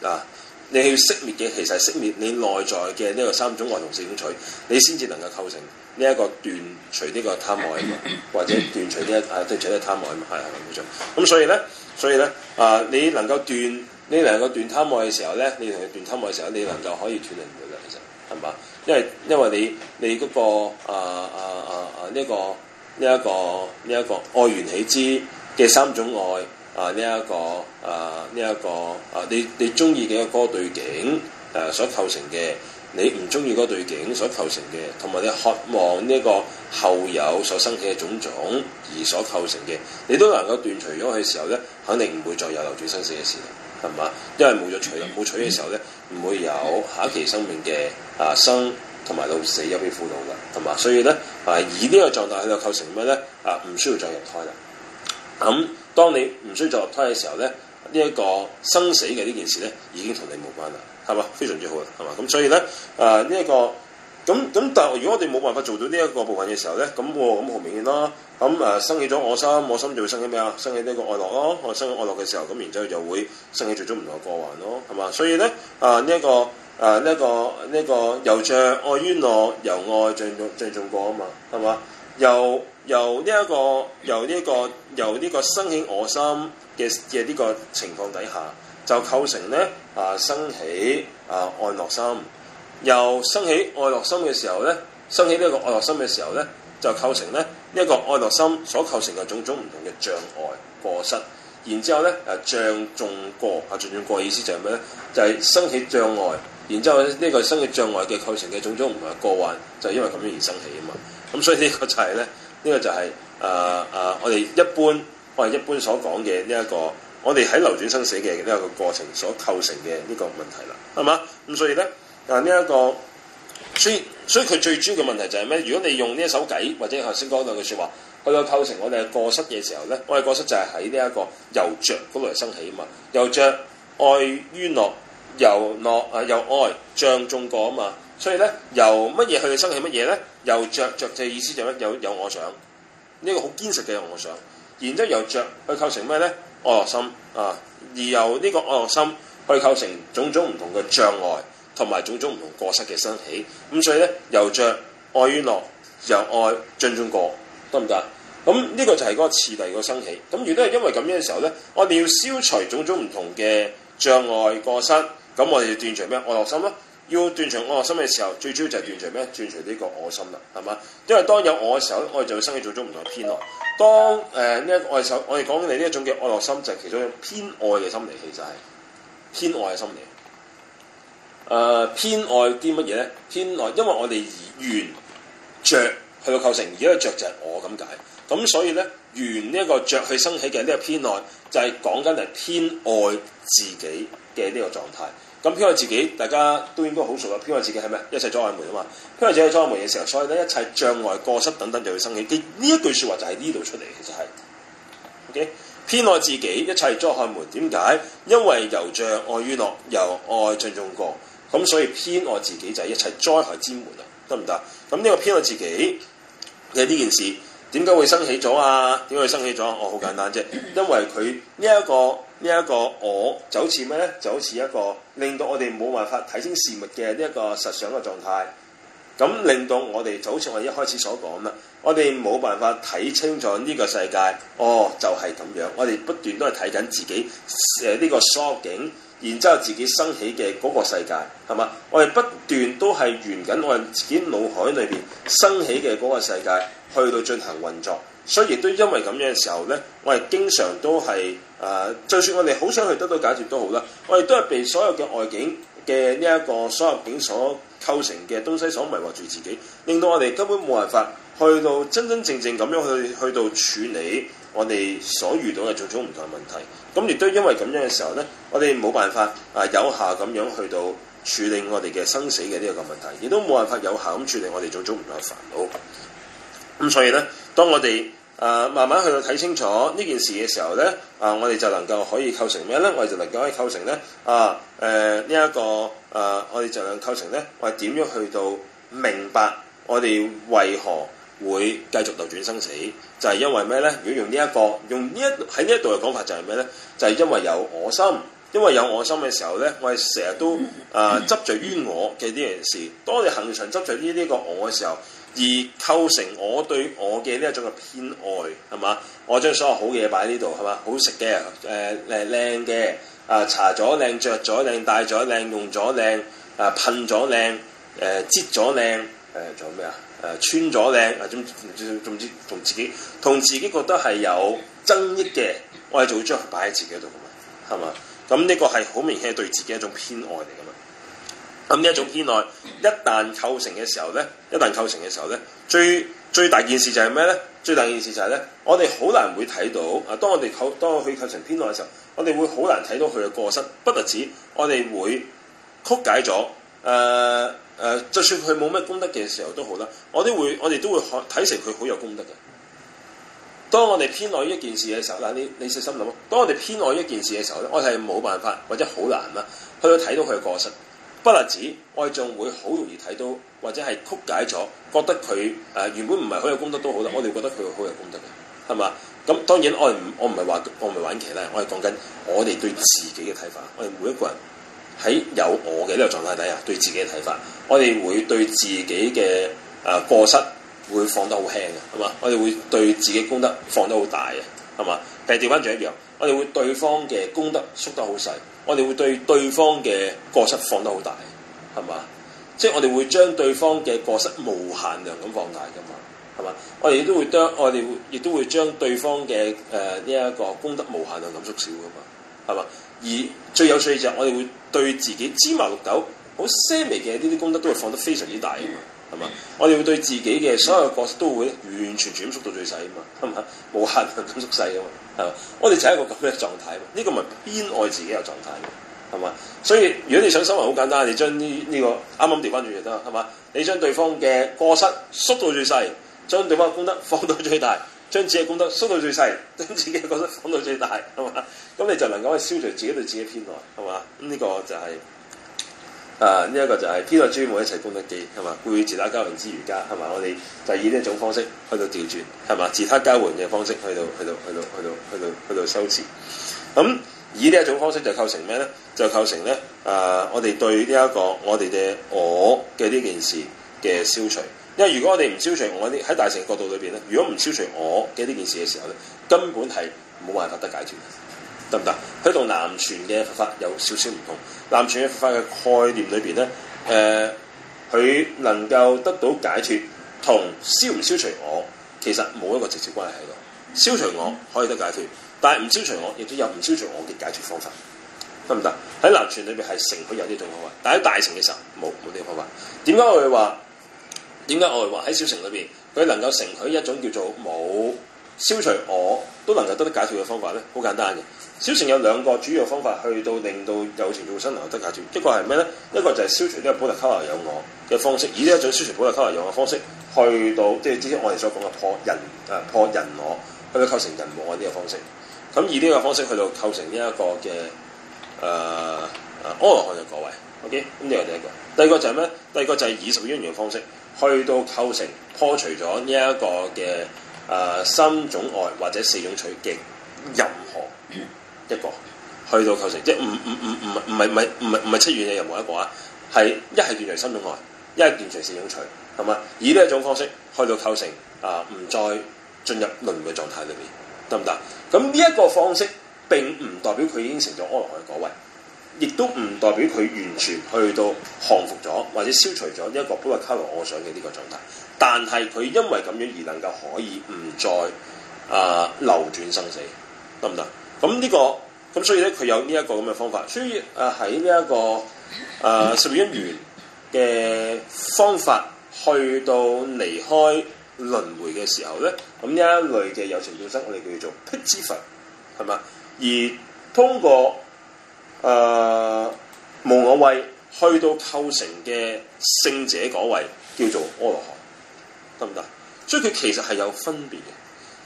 嗱、啊，你要熄滅嘅其實係熄滅你內在嘅呢個三種愛同四種取，你先至能夠構成呢一個斷除呢個貪愛嘛，或者斷除呢一啊斷除呢貪愛嘛，係係冇錯。咁所以咧，所以咧，啊，你能夠斷你能夠斷貪愛嘅時候咧，你同佢斷貪愛嘅時候，你能夠可以斷離係嘛？因為因為你你嗰、那個、呃、啊啊啊啊呢個呢一、這個呢一、這個愛緣起之嘅三種愛啊呢、這個啊這個啊、一個啊呢一個啊你你中意嘅一個對境誒、啊、所構成嘅，你唔中意嗰對境所構成嘅，同埋你渴望呢一個後有所生起嘅種種而所構成嘅，你都能夠斷除咗佢嘅時候咧，肯定唔會再有流轉生死嘅事。係嘛？因為冇咗取入冇取嘅時候咧，唔會有下一期生命嘅啊、呃、生同埋老死一啲苦惱噶，係嘛？所以咧，而、呃、呢個狀態佢就構成咩咧？啊、呃，唔需要再入胎啦。咁、嗯、當你唔需要再入胎嘅時候咧，呢、這、一個生死嘅呢件事咧，已經同你冇關啦，係嘛？非常之好啦，係嘛？咁所以咧，啊呢一個。咁咁，但係如果我哋冇辦法做到呢一個部分嘅時候咧，咁咁好明顯啦。咁誒、啊、生起咗我心，我心就會生起咩啊？生起呢個愛樂咯，生起我生愛樂嘅時候，咁然之後就會生起最終唔同嘅過患咯，係嘛？所以咧，誒呢一個誒呢一個呢、啊這個由著、這個這個、愛於樂，由最愛著著著過啊嘛，係嘛？由由呢一、這個由呢、這個由呢、這個、個生起我心嘅嘅呢個情況底下，就構成咧啊生起啊愛樂心。由生起愛樂心嘅時候咧，生起呢一個愛樂心嘅時候咧，就構成咧呢一個愛樂心所構成嘅種種唔同嘅障礙過失。然之後咧，誒障眾過啊，障眾過嘅意思就係咩咧？就係生起障礙，然之後呢個生起障礙嘅構成嘅種種唔同嘅過患，就係因為咁樣而生起啊嘛。咁所以呢個就係咧，呢個就係啊啊，我哋一般我哋一般所講嘅呢一個，我哋喺流轉生死嘅呢個過程所構成嘅呢個問題啦，係嘛？咁所以咧。嗱呢一個，所以所以佢最主要嘅問題就係咩？如果你用呢一首偈，或者頭先講兩句説話，去到構成我哋嘅過失嘅時候咧，我哋過失就係喺呢一個由着嗰度嚟生起啊嘛。由着愛於樂，由樂啊由愛障眾過啊嘛。所以咧由乜嘢去到生起乜嘢咧？由着、着嘅意思就係有有我想，呢、呢個好堅實嘅有我想。然之後由着去構成咩咧？愛樂心啊，而由呢個愛樂心去構成種種唔同嘅障礙。同埋種種唔同過失嘅生起，咁所以咧由着愛於樂，由愛障眾過，得唔得啊？咁呢個就係嗰個次第嘅生起。咁如果係因為咁樣嘅時候咧，我哋要消除種種唔同嘅障礙過失，咁我哋要斷除咩？愛樂心啦，要斷除愛樂心嘅時候，最主要就係斷除咩？斷除呢個我心啦，係嘛？因為當有我嘅時候咧，我哋就會生起種種唔同嘅偏愛。當誒呢、呃這個、一種我哋講你呢一種嘅愛樂心，就係、是、其中一種偏愛嘅心理，其實係偏愛嘅心理。誒、呃、偏愛啲乜嘢咧？偏愛，因為我哋以緣著去個構成，而家個着就係我咁解。咁所以咧，緣呢一個着去生起嘅呢、這個偏愛，就係講緊係偏愛自己嘅呢個狀態。咁偏愛自己，大家都應該好熟啦。偏愛自己係咩？一切災害門啊嘛。偏愛自己災害門嘅時候，所以咧一切障礙、過失等等就會生起。佢呢一句説話就喺呢度出嚟，其實係，OK？偏愛自己，一切災害門。點解？因為由著愛於樂，由愛障眾過。咁、嗯、所以偏我自己就係一切災害之門啊，得唔得？咁、嗯、呢、這個偏我自己嘅呢件事，點解會生起咗啊？點解會生起咗、啊？我、哦、好簡單啫，因為佢呢一個呢一、這個、這個、我，就好似咩咧？就好似一個令到我哋冇辦法睇清事物嘅呢一個實相嘅狀態。咁、嗯、令到我哋就好似我哋一開始所講咁啦，我哋冇辦法睇清楚呢個世界。哦，就係、是、咁樣，我哋不斷都係睇緊自己誒呢、呃這個縮景。然之後自己生起嘅嗰個世界係嘛？我哋不斷都係沿緊我哋自己腦海裏邊生起嘅嗰個世界去到進行運作，所以亦都因為咁樣嘅時候咧，我哋經常都係誒、呃，就算我哋好想去得到解決都好啦，我哋都係被所有嘅外境嘅呢一個所有境所構成嘅東西所迷惑住自己，令到我哋根本冇辦法去到真真正正咁樣去去到處理。我哋所遇到嘅種種唔同嘅問題，咁亦都因為咁樣嘅時候咧，我哋冇辦法啊、呃、有效咁樣去到處理我哋嘅生死嘅呢個問題，亦都冇辦法有效咁處理我哋種種唔同嘅煩惱。咁所以咧，當我哋啊、呃、慢慢去到睇清楚呢件事嘅時候咧，啊、呃、我哋就能夠可以構成咩咧？我哋就能夠可以構成咧啊誒呢一個啊，呃這個呃、我哋就能構成咧，我哋點樣去到明白我哋為何，會繼續鬥轉生死，就係因為咩咧？如果用呢一個，用呢一喺呢一度嘅講法就係咩咧？就係因為有我心，因為有我心嘅時候咧，我係成日都啊執着於我嘅呢件事。當你恒常執着於呢個我嘅時候，而構成我對我嘅呢一種嘅偏愛，係嘛？我將所有好嘢擺喺呢度，係嘛？好食嘅，誒誒靚嘅，啊搽咗靚，着咗靚，戴咗靚，用咗靚，啊噴咗靚，誒摺咗靚，仲有咩啊？誒、呃、穿咗靚啊！總總總之，同自己同自，自己覺得係有爭益嘅，我哋就會將佢擺喺自己度嘅嘛，係嘛？咁、嗯、呢、這個係好明顯係對自己一種偏愛嚟嘅嘛。咁呢一種偏愛，一旦構成嘅時候咧，一旦構成嘅時候咧，最最大件事就係咩咧？最大件事就係咧、就是，我哋好難會睇到啊！當我哋構當我去構，構成偏愛嘅時候，我哋會好難睇到佢嘅過失，不特止，我哋會曲解咗。 誒誒，就算佢冇咩功德嘅時候都好啦，我，會我都會我哋都會睇成佢好有功德嘅。當我哋偏愛一件事嘅時候，嗱你你細心諗啊，當我哋偏愛一件事嘅時候咧，我哋係冇辦法或者好難啦，去到睇到佢過失，不單止，我哋仲會好容易睇到，或者係曲解咗，覺得佢誒、呃、原本唔係好有功德都好啦，我哋覺得佢好有功德嘅，係嘛？咁當然我唔我唔係話我唔係玩劇啦，我係講緊我哋對自己嘅睇法，我哋每一個人。喺有我嘅呢個狀態底下，對自己嘅睇法，我哋會對自己嘅誒過失會放得好輕嘅，係嘛？我哋會對自己功德放得好大嘅，係嘛？但調返轉一樣，我哋會對方嘅功德縮得好細，我哋會對對方嘅過失放得好大，係嘛？即係我哋會將對方嘅過失無限量咁放大㗎嘛？係嘛？我哋亦都會將我哋亦都會將對方嘅誒呢一個功德無限量咁縮小㗎嘛？係嘛？而最有趣就係我哋會對自己芝麻綠豆好奢微嘅呢啲功德都會放得非常之大嘅嘛，係嘛？我哋會對自己嘅所有過失都會完完全全縮到最細啊嘛，冇限咁縮細啊嘛，係嘛？我哋就係一個咁嘅狀態，呢、呢個咪偏愛自己嘅狀態嘅，係嘛？所以如果你想生活好簡單，你將呢呢個啱啱調返轉就得啦，係嘛？你將對方嘅過失縮到最細，將對方嘅功德放到最大。將自己嘅功德縮到最細，將自己嘅功德放到最大，係嘛？咁你就能夠去消除自己對自己的偏愛，係嘛？咁呢個就係、是、啊，呢、呃、一、這個就係偏愛專門一齊功德機，係嘛？故於自他交換之瑜伽，係嘛？我哋就以呢一種方式去到調轉，係嘛？自他交換嘅方式去到去到去到去到去到去到,去到修持。咁以呢一種方式就構成咩咧？就構成咧啊、呃！我哋對呢、這、一個我哋嘅我嘅呢件事嘅消除。因為如果我哋唔消除我啲喺大乘角度裏邊咧，如果唔消除我嘅呢件事嘅時候咧，根本係冇辦法得解脱，得唔得？佢同南傳嘅佛法有少少唔同。南傳嘅佛法嘅概念裏邊咧，誒、呃，佢能夠得到解脱同消唔消除我，其實冇一個直接關係喺度。消除我可以得解脱，但係唔消除我亦都有唔消除我嘅解決方法，得唔得？喺南傳裏邊係成日有呢種方法，但喺大乘嘅時候冇冇呢種方法。點解我會話？點解我哋話喺小城裏邊佢能夠承許一種叫做冇消除我都能夠得啲解脱嘅方法咧？好簡單嘅小城有兩個主要方法去到令到有情眾生能夠得解脱，一個係咩咧？一個就係消除呢個補特伽羅有我嘅方式，以呢一種消除補特伽羅有我嘅方式去到即係之前我哋所講嘅破人啊破人我去,人去到構成人我呢個方式，咁以呢個方式去到構成呢一個嘅誒、呃啊、阿阿羅漢嘅各位，OK 咁、嗯、呢、這個第一個，第二個就係咩？第二個就係二十個因緣方式。去到構成破除咗呢一個嘅誒三種外或者四種取嘅任何一個去到構成，即係唔唔唔唔唔唔唔唔係唔係出現嘅任何一個啊，係一係斷除三種外，一係斷除四種取，係嘛？以呢一種方式去到構成啊，唔、呃、再進入輪嘅狀態裏邊，得唔得？咁呢一個方式並唔代表佢已經成咗安樂嘅果位。亦都唔代表佢完全去到降服咗，或者消除咗呢一個本來卡拉我想嘅呢個狀態，但係佢因為咁樣而能夠可以唔再啊、呃、流轉生死，得唔得？咁呢、這個咁所以咧，佢有呢一個咁嘅方法。所以誒喺呢一個誒、呃、十月一元嘅方法去到離開輪迴嘅時候咧，咁、嗯、呢一類嘅有情眾生，我哋叫做辟支佛，係嘛？而通過。誒、呃、無我慧去到構成嘅聖者嗰位叫做阿羅漢，得唔得？所以佢其實係有分別嘅。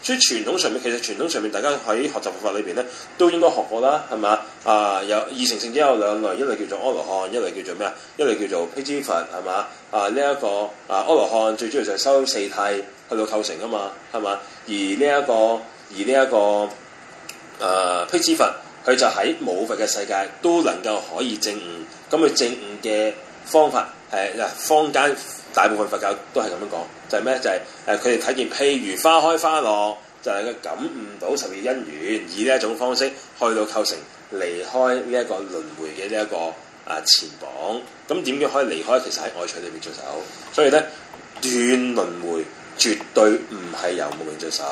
所以傳統上面，其實傳統上面，大家喺學習佛法裏邊咧，都應該學過啦，係嘛？啊、呃，有二乘聖者有兩類，一類叫做阿羅漢，一類叫做咩啊？一類叫做辟支佛，係嘛？啊、呃，呢一個啊、呃，阿羅漢最主要就係修四諦去到構成啊嘛，係嘛？而呢一個而呢一個誒辟支佛。佢就喺冇佛嘅世界都能夠可以證悟，咁佢證悟嘅方法，誒，嗱，坊間大部分佛教都係咁樣講，就係、是、咩？就係、是、誒，佢哋睇見譬如花開花落，就係、是、佢感悟到十二因緣，以呢一種方式去到構成離開呢一個輪迴嘅呢一個啊前榜。咁點樣可以離開？其實喺愛取裏面着手。所以咧，斷輪迴絕對唔係由無明着手，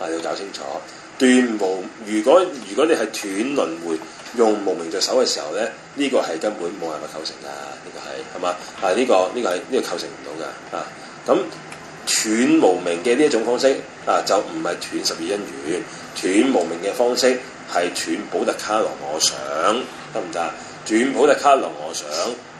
係要搞清楚。斷無，如果如果你係斷輪迴用無明著手嘅時候咧，呢、這個係根本冇辦法構成㗎，呢、這個係係嘛啊，呢、這個呢、這個係呢、這個構成唔到㗎啊！咁斷無明嘅呢一種方式啊，就唔係斷十二因緣，斷無明嘅方式係、啊、斷補特伽羅我想得唔得啊？斷補特伽羅我想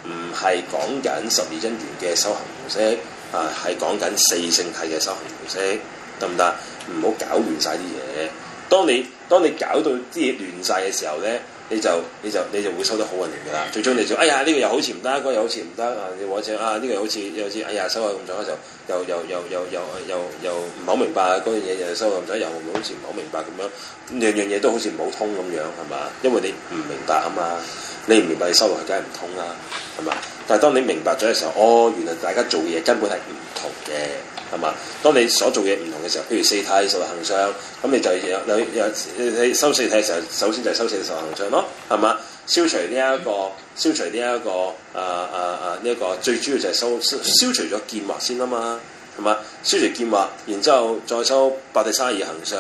唔係講緊十二因緣嘅修行模式啊，係講緊四聖諦嘅修行模式得唔得？唔好搞亂晒啲嘢。當你當你搞到啲嘢亂晒嘅時候咧，你就你就你就會收得好混亂㗎啦。最終你就哎呀呢個又好似唔得，嗰個又好似唔得啊！你或者啊呢個又好似又好似哎呀收落咁左嘅時候，又又又又又又又唔好明白嗰樣嘢，又收落咁左，又好似唔好明白咁樣，樣樣嘢都好似唔好通咁樣係嘛？因為你唔明白啊嘛，你唔明白你收落去梗係唔通啦，係嘛？但係當你明白咗嘅時候，哦原來大家做嘢根本係唔同嘅。係嘛？當你所做嘢唔同嘅時候，譬如四諦、十行相，咁你就有有有，有修四諦嘅時候，首先就係修四諦行相咯，係嘛？消除呢一個，消除呢一個，呃、啊啊啊呢一個最主要就係消消除咗見惑先啦嘛，係嘛？消除見惑，然之後再修八地沙二行相，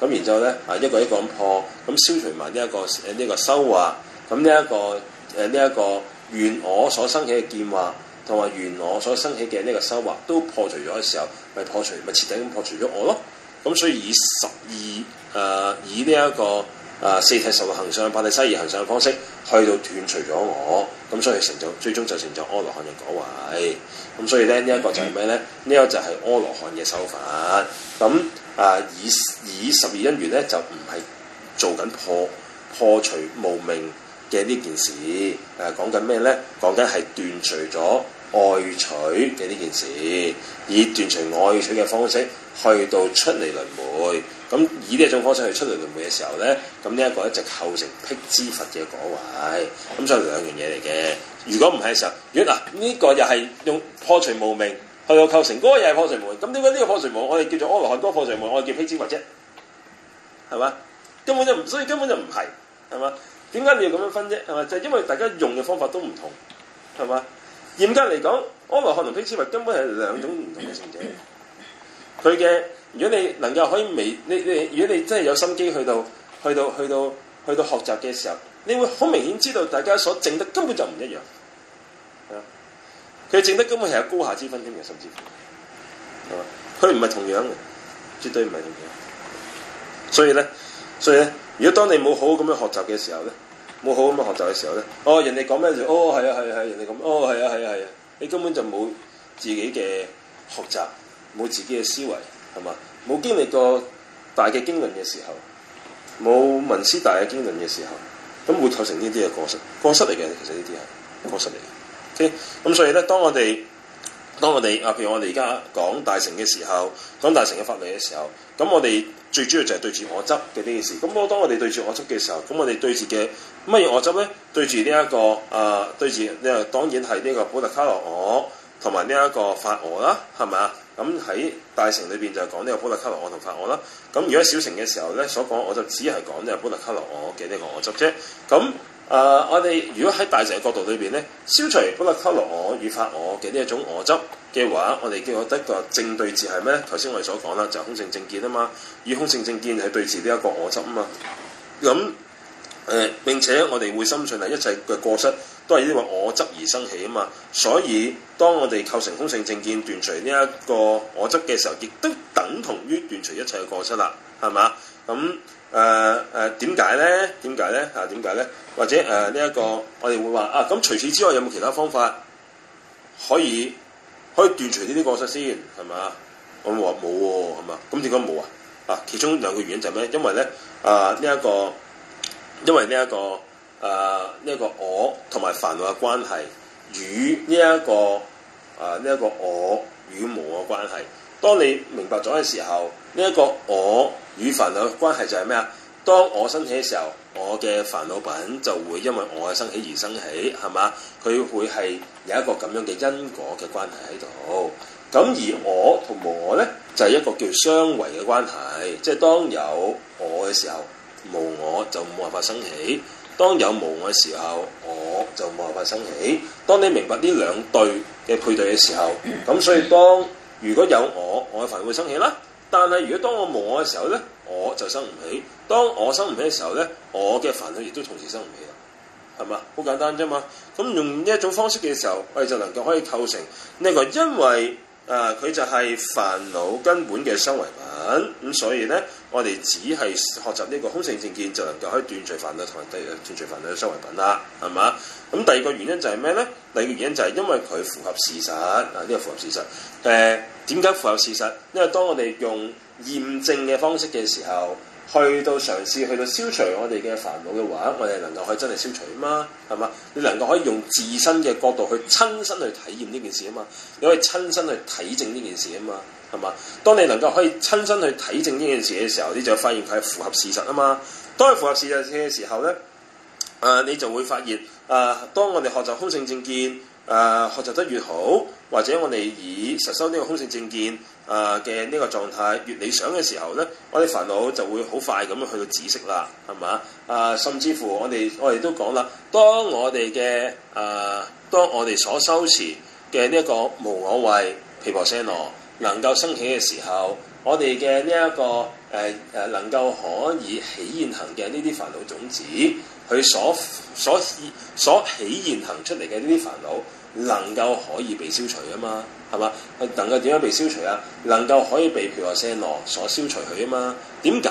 咁然之後咧啊一個一個咁破，咁消除埋呢一個誒呢、呃這個修惑，咁呢一個誒呢一個怨我所生起嘅見惑。同埋原來我所生起嘅呢個修法都破除咗嘅時候，咪破除咪徹底咁破除咗我咯。咁所以以十二誒、呃、以呢、這、一個誒、呃、四諦十六行相，八諦三十二行相嘅方式，去到斷除咗我。咁所以成就最終就成就阿羅漢嘅果位。咁所以咧呢一、這個就係咩咧？呢、這、一個就係阿羅漢嘅修法。咁誒、呃、以以十二因緣咧就唔係做緊破破除無明。嘅呢件事，誒講緊咩咧？講緊係斷除咗愛取嘅呢件事，以斷除愛取嘅方式去到出嚟輪迴，咁、嗯、以呢一種方式去出嚟輪迴嘅時候咧，咁、嗯、呢、這個、一個一直構成辟支佛嘅嗰位，咁、嗯、所以兩樣嘢嚟嘅。如果唔係嘅時候，如果嗱呢、啊這個又係用破除無明，去到構成，嗰、那個又係破除無明，咁點解呢個破除無明我哋叫做阿羅漢，嗰、這個、破除無明我哋叫辟支佛啫？係嘛？根本就唔，所以根本就唔係，係嘛？點解你要咁樣分啫？係嘛？就係因為大家用嘅方法都唔同，係嘛？嚴格嚟講，阿羅漢同辟支佛根本係兩種唔同嘅聖者。佢嘅如果你能夠可以微你你，如果你真係有心機去到去到去到去到學習嘅時候，你會好明顯知道大家所證得根本就唔一樣。係啊，佢證得根本係有高下之分添嘅，甚至係嘛？佢唔係同樣嘅，絕對唔係同樣。所以咧，所以咧。如果當你冇好好咁樣學習嘅時候咧，冇好咁樣學習嘅時候咧，哦人哋講咩就哦係啊係係人哋咁哦係啊係啊係啊，你根本就冇自己嘅學習，冇自己嘅思維係嘛，冇經歷過大嘅經論嘅時候，冇聞思大嘅經論嘅時候，咁會構成呢啲嘅過失，過失嚟嘅其實呢啲係過失嚟嘅。O.K. 咁、嗯嗯嗯、所以咧，當我哋當我哋啊，譬如我哋而家講大乘嘅時候，講大乘嘅法理嘅時候，咁我哋最主要就係對住我執嘅呢件事。咁我當我哋對住我執嘅時候，咁我哋對住嘅乜嘢我執咧？對住呢一個啊、呃，對住呢個當然係呢個補特伽羅我同埋呢一個法我啦，係咪啊？咁喺大乘裏邊就係講呢個補特伽羅我同法我啦。咁如果小乘嘅時候咧，所講，我就只係講呢個補特伽羅我嘅呢個我執啫。咁。誒、呃，我哋如果喺大乘嘅角度裏邊咧，消除補特伽羅我與法我嘅呢一種我執嘅話，我哋叫我得個正對治係咩？頭先我哋所講啦，就係、空性正見啊嘛，與空性正見係對治呢一個我執啊嘛。咁誒、呃，並且我哋會深信係一切嘅過失。都係因為我執而生起啊嘛，所以當我哋構成空性正見，斷除呢一個我執嘅時候，亦都等同於斷除一切嘅過失啦，係嘛？咁誒誒點解咧？點解咧？啊點解咧？或者誒呢一個我哋會話啊，咁除此之外有冇其他方法可以可以斷除呢啲過失先？係嘛？我話冇喎，係嘛？咁點解冇啊？啊，其中兩個原因就係咩？因為咧啊呢一、呃，這個，因為呢、這、一個。誒呢一個我同埋煩惱嘅關係，與呢、這、一個誒呢一個我與無我嘅關係。當你明白咗嘅時候，呢、這、一個我與煩惱嘅關係就係咩啊？當我生起嘅時候，我嘅煩惱品就會因為我嘅生起而生起，係嘛？佢會係有一個咁樣嘅因果嘅關係喺度。咁、嗯、而我同無我咧，就係、是、一個叫做相違嘅關係，即、就、係、是、當有我嘅時候，無我就冇辦法生起。當有無我嘅時候，我就冇辦法生起。當你明白呢兩對嘅配對嘅時候，咁所以當如果有我，我嘅煩惱會生起啦。但係如果當我無我嘅時候咧，我就生唔起。當我生唔起嘅時候咧，我嘅煩惱亦都同時生唔起啦。係嘛？好簡單啫嘛。咁用呢一種方式嘅時候，我哋就能夠可以構成呢個因為。啊！佢就係煩惱根本嘅相違品，咁、嗯、所以咧，我哋只係學習呢個空性正見，就能夠可以斷除煩惱同埋第誒斷除煩惱嘅相違品啦，係嘛？咁第二個原因就係咩咧？第二個原因就係因，因為佢符合事實，啊呢、這個符合事實。誒點解符合事實？因為當我哋用驗證嘅方式嘅時候。去到嘗試，去到消除我哋嘅煩惱嘅話，我哋能夠可以真係消除啊嘛，係嘛？你能夠可以用自身嘅角度去親身去體驗呢件事啊嘛，你可以親身去體證呢件事啊嘛，係嘛？當你能夠可以親身去體證呢件事嘅時候，你就會發現佢係符合事實啊嘛。當佢符合事實嘅時候咧，誒、呃、你就會發現，誒、呃、當我哋學習空性正見。誒、呃、學習得越好，或者我哋以實修呢個空性正見誒嘅呢個狀態越理想嘅時候咧，我哋煩惱就會好快咁樣去到紫色啦，係嘛？誒、呃、甚至乎我哋我哋都講啦，當我哋嘅誒當我哋所修持嘅呢一個無我慧（毗婆舍那）能夠升起嘅時候，我哋嘅呢一個誒誒、呃、能夠可以起現行嘅呢啲煩惱種子。佢所所起所起現行出嚟嘅呢啲煩惱，能夠可以被消除啊嘛，係嘛？能夠點樣被消除啊？能夠可以被譬如阿羅漢所消除佢啊嘛？點解？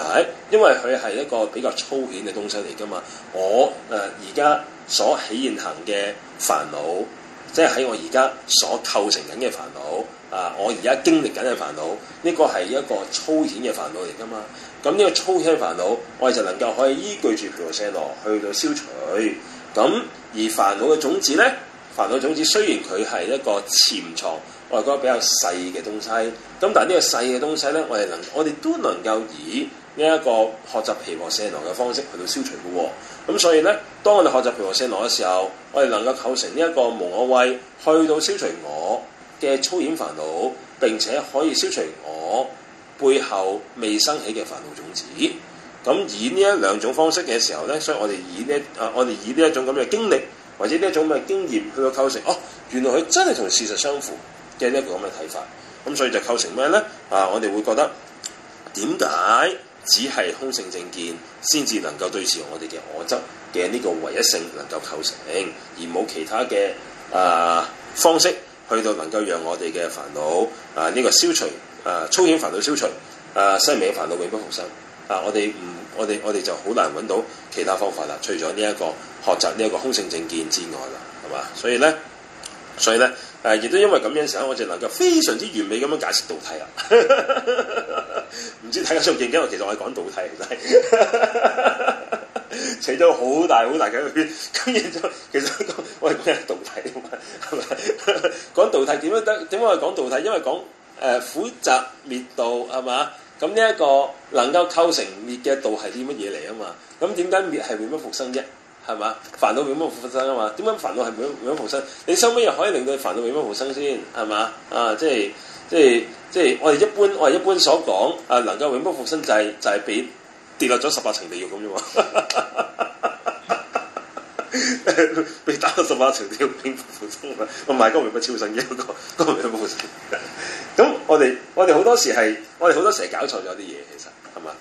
因為佢係一個比較粗顯嘅東西嚟㗎嘛。我誒而家所起現行嘅煩惱，即係喺我而家所構成緊嘅煩惱啊，我而家經歷緊嘅煩惱，呢個係一個粗顯嘅煩惱嚟㗎嘛。咁呢個粗輕煩惱，我哋就能夠可以依據住皮和聖樂去到消除。咁而煩惱嘅種子咧，煩惱種子雖然佢係一個潛藏，我哋覺得比較細嘅東西。咁但係呢個細嘅東西咧，我哋能，我哋都能夠以呢一個學習皮和聖樂嘅方式去到消除嘅。咁、啊、所以咧，當我哋學習皮和聖樂嘅時候，我哋能夠構成呢一個無我慧，去到消除我嘅粗顯煩惱，並且可以消除我背後未生起嘅煩惱種子，咁以呢一兩種方式嘅時候咧，所以我哋以呢，啊我哋以呢一種咁嘅經歷，或者呢一種咁嘅經驗去到構成，哦、啊，原來佢真係同事實相符嘅呢一個咁嘅睇法，咁、啊、所以就構成咩咧？啊，我哋會覺得，點解只係空性正見先至能夠對治我哋嘅我執嘅呢個唯一性，能夠構成，而冇其他嘅啊方式去到能夠讓我哋嘅煩惱啊呢、這個消除。啊！粗顯煩惱消除，啊！細微嘅煩惱永不復生。啊！我哋唔，我哋我哋就好難揾到其他方法啦。除咗呢一個學習呢一、呢個空性正見之外啦，係嘛？所以咧，所以咧，誒、啊，亦都因為咁樣嘅時候，我哋能夠非常之完美咁樣解釋道諦 道諦啦。唔知大家仲認唔認？其實我係講道諦嚟嘅，扯咗好大好大幾個圈，咁然之後，其實喂講道諦點咪？ 講道諦點樣得？點解我哋講道諦？因為講。誒，苦集滅道係嘛？咁呢一個能夠構成滅嘅道係啲乜嘢嚟啊嘛？咁點解滅係永不復生啫？係嘛？煩惱永不復生啊嘛？點解煩惱係永永不復生？你收尾又可以令到煩惱永不復生先，係嘛？啊，即係即係即係我哋一般我哋一般所講啊，能夠永不復生就係就係俾跌落咗十八層地獄咁啫嘛。 被打到十八層都要永不復生啦！唔係個永不超生嘅一個，永不復生。咁我哋，我哋好多時係，我哋好多時係搞錯咗啲嘢，其實係嘛？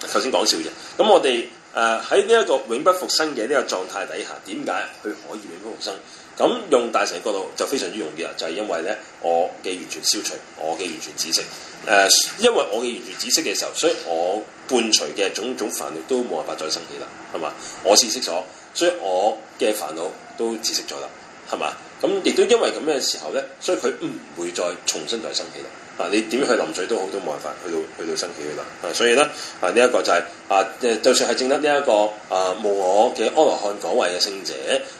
頭先講笑嘅。咁我哋誒喺呢一個永不復生嘅呢、呢個個, 呃、個,個狀態底下，點解佢可以永不復生？咁用大成嘅度就非常之容易啦，就係、是、因為咧，我嘅完全消除，我嘅完全知識，誒、呃，因為我嘅完全知識嘅時候，所以我伴隨嘅種,種種煩惱都冇辦法再生起啦，係嘛？我先識咗。所以我嘅煩惱都自熄咗啦，係嘛？咁亦都因為咁嘅時候咧，所以佢唔會再重新再生起啦。啊，你點去淋水都好，都冇辦法去到去到生起噶啦。啊，所以咧啊，呢、這、一個就係、是、啊，誒，就算係正得呢一個啊，無我嘅阿羅漢果位嘅聖者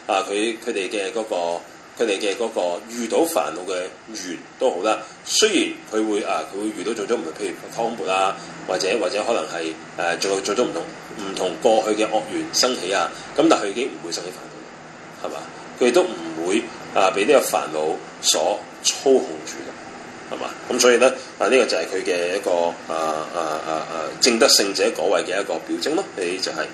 啊，佢佢哋嘅嗰個。佢哋嘅嗰個遇到煩惱嘅緣都好啦，雖然佢會啊佢會遇到做咗唔同，譬如湯盤啊，或者或者可能係誒、啊、做做咗唔同唔同過去嘅惡緣生起啊，咁但係佢已經唔會生起煩惱，係嘛？佢都唔會啊俾呢個煩惱所操控住嘅，係嘛？咁所以咧啊呢、這個就係佢嘅一個啊啊啊啊證得聖者位嘅一個表徵咯、啊，你就係、是、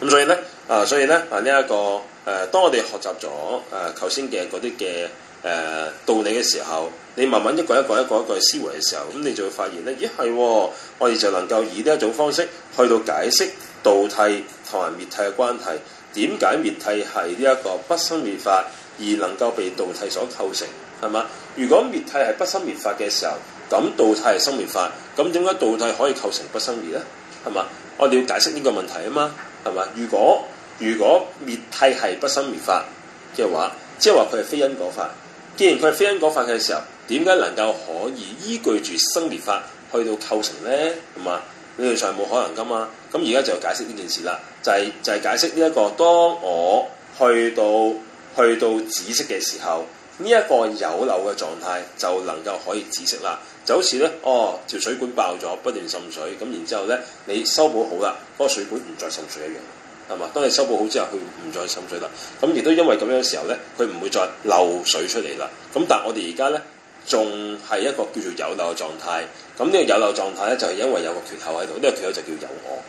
咁、啊，所以咧啊所以咧啊呢一個。誒、呃，當我哋學習咗誒，頭先嘅嗰啲嘅誒道理嘅時候，你慢慢一個一個一個一個思維嘅時候，咁、嗯、你就會發現咧，咦係喎，我哋就能夠以呢一種方式去到解釋道體同埋滅體嘅關係，點解滅體係呢一個不生滅法，而能夠被道體所構成係嘛？如果滅體係不生滅法嘅時候，咁道體係生滅法，咁點解道體可以構成不生滅咧？係嘛？我哋要解釋呢個問題啊嘛，係嘛？如果如果滅諦係不生滅法嘅話，即係話佢係非因果法。既然佢係非因果法嘅時候，點解能夠可以依據住生滅法去到構成咧？係嘛？理論上冇可能噶嘛。咁而家就解釋呢件事啦，就係、是、就係、是、解釋呢一個，當我去到去到止息嘅時候，呢、這、一個有漏嘅狀態，就能夠可以止息啦。就好似咧，哦條水管爆咗，不斷滲水，咁然之後咧，你修補好啦，嗰、那個水管唔再滲水一樣。係嘛？當你修補好之後，佢唔再滲水啦。咁亦都因為咁樣嘅時候咧，佢唔會再漏水出嚟啦。咁但係我哋而家咧，仲係一個叫做有漏嘅狀態。咁呢個有漏狀態咧，就係因為有個缺口喺度。呢個缺口就叫有我，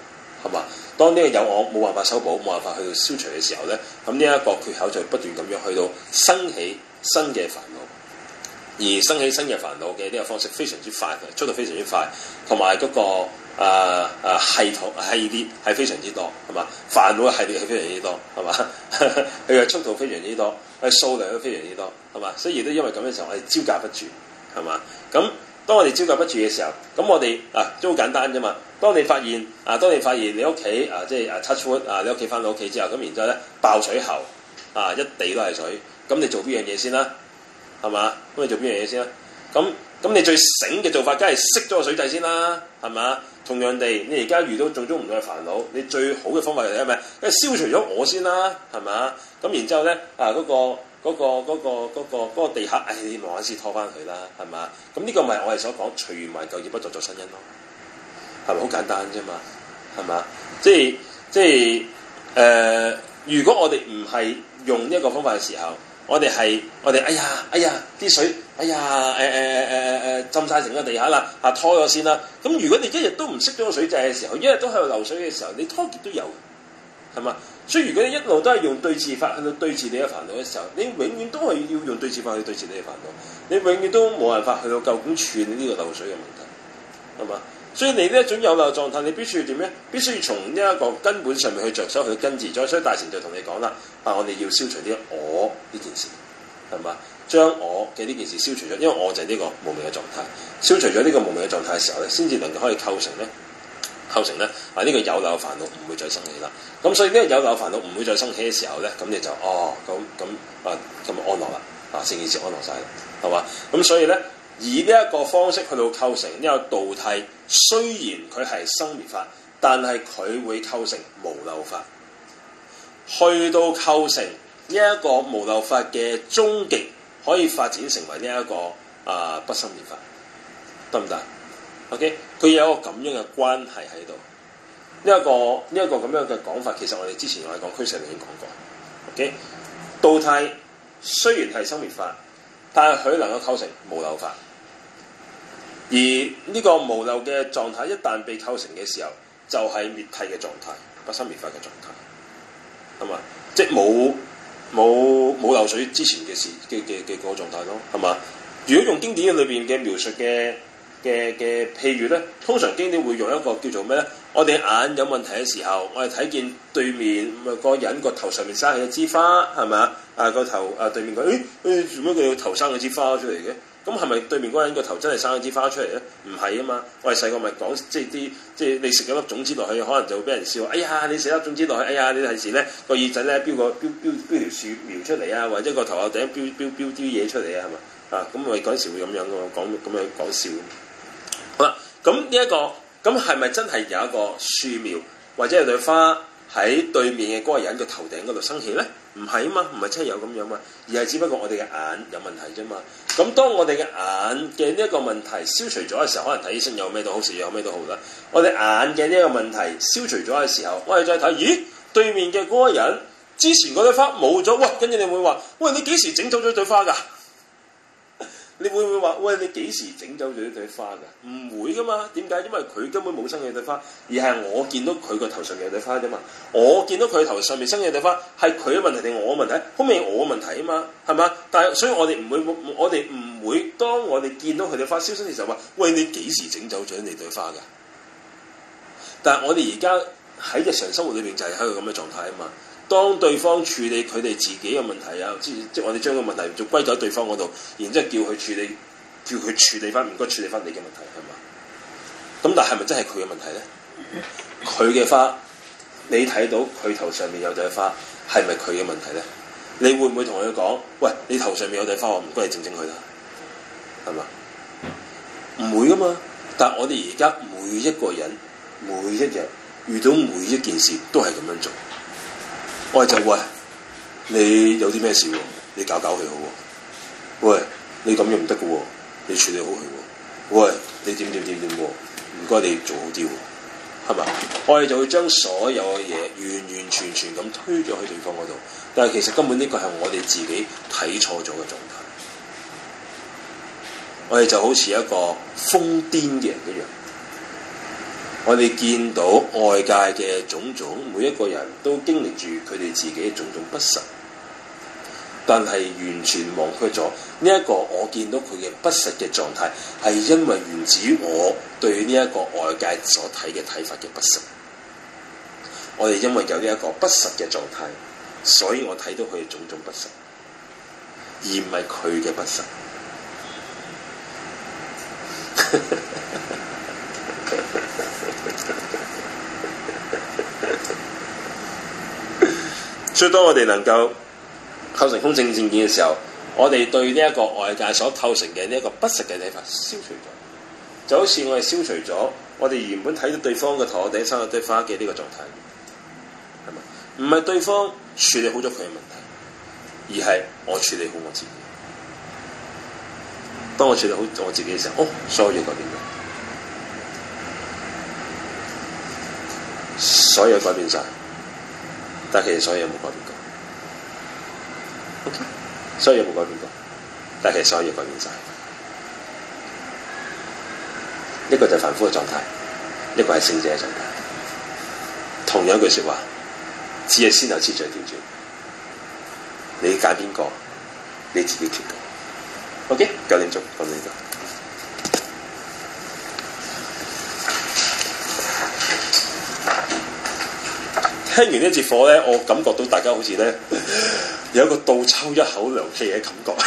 係嘛？當呢個有我冇辦法修補、冇辦法去到消除嘅時候咧，咁呢一個缺口就係不斷咁樣去到生起新嘅煩惱，而生起新嘅煩惱嘅呢個方式非常之快，速度非常之快，同埋嗰個。啊啊，系統系列係非常之多，係嘛？煩惱嘅系列係非常之多，係嘛？佢 嘅速度非常之多，佢數量都非常之多，係嘛？所以都因為咁嘅時候，我哋招架不住，係嘛？咁當我哋招架不住嘅時候，咁我哋啊都好簡單啫嘛。當你發現啊，當你發現你屋企啊，即係啊 touch wood 啊，你屋企翻到屋企之後，咁然之後咧爆水喉，啊，一地都係水，咁你做邊樣嘢先啦？係嘛？咁你做邊樣嘢先啦？咁咁你最醒嘅做法，梗係熄咗個水掣先啦，係嘛？同樣地，你而家遇到種種唔同嘅煩惱，你最好嘅方法係咩？因為消除咗我先啦，係咪？咁然之後咧，啊嗰、那個嗰、那個嗰、那個那個那個那個、地下，唉、哎，你望下先拖翻佢啦，係咪？咁呢個咪我哋所講，除完舊業，不作作新因咯，係咪好簡單啫嘛？係咪？即係即係誒、呃，如果我哋唔係用一個方法嘅時候。我哋係我哋，哎呀哎呀，啲水，哎呀，誒誒誒誒浸晒成個地下啦，啊，拖咗先啦。咁如果你一日都唔熄咗個水掣嘅時候，一日都喺度流水嘅時候，你拖結都有係嘛？所以如果你一路都係用對治法去對治你嘅煩惱嘅時候，你永遠都係要用對治法去對治你嘅煩惱，你永遠都冇辦法去到究竟處理呢個流水嘅問題係嘛？所以你呢一種有漏狀態，你必須要點咩？必須要從呢一個根本上面去着手去根治。所以大前提就同你講啦，啊，我哋要消除啲我呢件事，係嘛？將我嘅呢件事消除咗，因為我就係呢個無明嘅狀態。消除咗呢個無明嘅狀態嘅時候咧，先至能夠可以構成咧構成咧啊！呢、這個有漏煩惱唔會再生起啦。咁所、哦啊啊、所以呢個有漏煩惱唔會再生起嘅時候咧，咁你就哦咁咁啊咁就安樂啦啊，成件事安樂晒。啦，係嘛？咁所以咧，以呢一個方式去到構成呢、這個對治。雖然佢係生滅法，但係佢會構成無漏法。去到構成呢一個無漏法嘅終極，可以發展成為呢一個啊、呃、不生滅法，得唔得？OK，佢有個咁樣嘅關係喺度。呢一個呢一個咁樣嘅講法，其實我哋之前來講俱舍已經講過。OK，道諦雖然係生滅法，但係佢能夠構成無漏法。而呢個無漏嘅狀態，一旦被構成嘅時候，就係、是、滅體嘅狀態，不生滅法嘅狀態，係嘛？即係冇冇冇漏水之前嘅時嘅嘅嘅個狀態咯，係嘛？如果用經典嘅裏邊嘅描述嘅嘅嘅譬如咧，通常經典會用一個叫做咩咧？我哋眼有問題嘅時候，我哋睇見對面啊個人個頭上面生起一枝花，係咪？啊個頭啊對面佢誒做乜佢頭生咗枝花出嚟嘅？咁係咪對面嗰個人個頭真係生咗支花出嚟咧？唔係啊嘛，我哋細個咪講即係啲即係你食咗粒種子落去，可能就會俾人笑。哎呀，你食粒種子落去，哎呀，你睇事咧，個耳仔咧飆個飆飆飆條樹苗出嚟啊，或者個頭殼頂飆飆飆啲嘢出嚟啊，係嘛？啊，咁我哋嗰陣時會咁樣喎，講咁樣講笑。好啦，咁呢一個咁係咪真係有一個樹苗或者係朵花？喺對面嘅嗰個人嘅頭頂嗰度生起咧，唔係啊嘛，唔係真係有咁樣嘛，而係只不過我哋嘅眼有問題啫嘛。咁當我哋嘅眼嘅呢一個問題消除咗嘅時候，可能睇醫生有咩都，都好，食藥有咩都好啦。我哋眼嘅呢一個問題消除咗嘅時候，我哋再睇，咦？對面嘅嗰個人之前嗰朵花冇咗，喂，跟住你會話，喂，你幾時整走咗一朵花㗎？你會唔會話，喂，你幾時整走咗呢朵花噶？唔會噶嘛？點解？因為佢根本冇生嘅朵花，而係我見到佢個頭上有朵花啫嘛。我見到佢頭上面生嘅朵花，係佢嘅問題定我嘅問題？好明顯我嘅問題啊嘛，係咪？但係所以我哋唔會，我哋唔會當我哋見到佢哋花消失嘅時候話，喂，你幾時整走咗呢朵花噶？但係我哋而家喺日常生活裏邊就係喺個咁嘅狀態啊嘛。當對方處理佢哋自己嘅問題啊，即即我哋將個問題仲歸咗喺對方嗰度，然之後叫佢處理，叫佢處理翻唔該處理翻你嘅問題，係嘛？咁但係咪真係佢嘅問題咧？佢嘅花，你睇到佢頭上面有朵花，係咪佢嘅問題咧？你會唔會同佢講，喂，你頭上面有朵花，我唔該你整整佢啦，係嘛？唔會噶嘛？但係我哋而家每一個人、每一日遇到每一件事，都係咁樣做。我哋就喂，你有啲咩事，啊？你搞搞佢好，啊。喂，你咁樣唔得嘅，你處理好佢，啊。喂，你點點點點？唔該，你做好啲，啊。係咪？我哋就會將所有嘅嘢完完全全咁推咗去對方嗰度。但係其實根本呢個係我哋自己睇錯咗嘅狀態。我哋就好似一個瘋癲嘅人一樣。我哋見到外界嘅種種，每一個人都經歷住佢哋自己嘅種種不實，但係完全忘卻咗呢一個我見到佢嘅不實嘅狀態，係因為源自於我對呢一個外界所睇嘅睇法嘅不實。我哋因為有呢一個不實嘅狀態，所以我睇到佢嘅種種不實，而唔係佢嘅不實。 最多我哋能夠構成空正見嘅時候，我哋對呢一個外界所構成嘅呢一個不實嘅睇法消除咗，就好似我哋消除咗我哋原本睇到對方嘅頭頂生個對花嘅呢個狀態，係咪？唔係對方處理好咗佢嘅問題，而係我處理好我自己。當我處理好我自己嘅時候，哦，所有嘢改變咗，所有改變晒。但係所有嘢冇改變過，OK？所有嘢冇改變過，但係所有嘢改變晒。一個就係凡夫嘅狀態，一個係聖者嘅狀態。同樣一句説話，只係先頭次序點轉，你揀邊個，你自己決定。OK？九點鐘講你。聽完呢一節課咧，我感覺到大家好似咧有一個倒抽一口涼氣嘅感覺。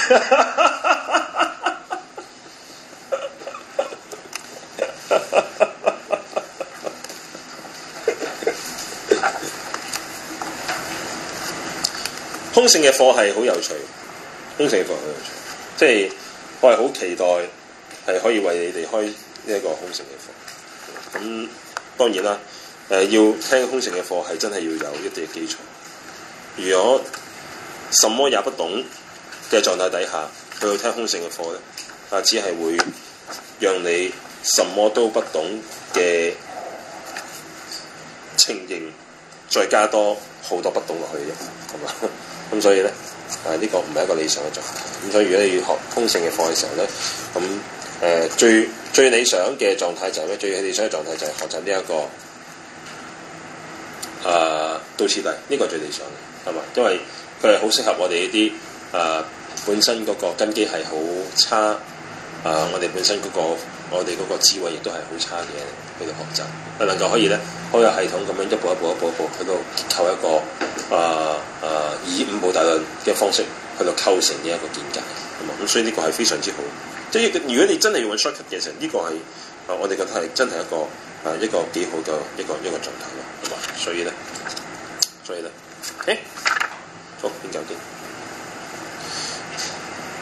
空性嘅課係好有趣，空性嘅課好有趣，即係我係好期待係可以為你哋開呢一個空性嘅課。咁、嗯、當然啦。誒、呃、要聽空性嘅課，係真係要有一定嘅基礎。如果什麼也不懂嘅狀態底下去到聽空性嘅課咧，啊，只係會讓你什麼都不懂嘅情形，再加多好多不懂落去嘅，咁啊，咁所以咧，啊呢個唔係一個理想嘅狀態。咁所以如果你要學空性嘅課嘅時候咧，咁誒、呃、最最理想嘅狀態就係咩？最理想嘅狀態就係、是、學習呢一個。啊，到此嚟，呢個係最理想嘅係嘛？因為佢係好適合我哋呢啲啊，本身嗰個根基係好差啊，我哋本身嗰個我哋嗰個智慧亦都係好差嘅去到學習，能夠可以咧開個系統咁樣一步一步一步一步去到結構一個啊啊以五步大論嘅方式去到構成呢一個見解，係嘛？咁所以呢個係非常之好，即係如果你真係要揾 shortcut 嘅時候，呢個係。啊、我哋覺得係真係一個、啊、一個幾好嘅一個一個,一個狀態，所以呢，所以呢，誒 Okay.，復變咗啲。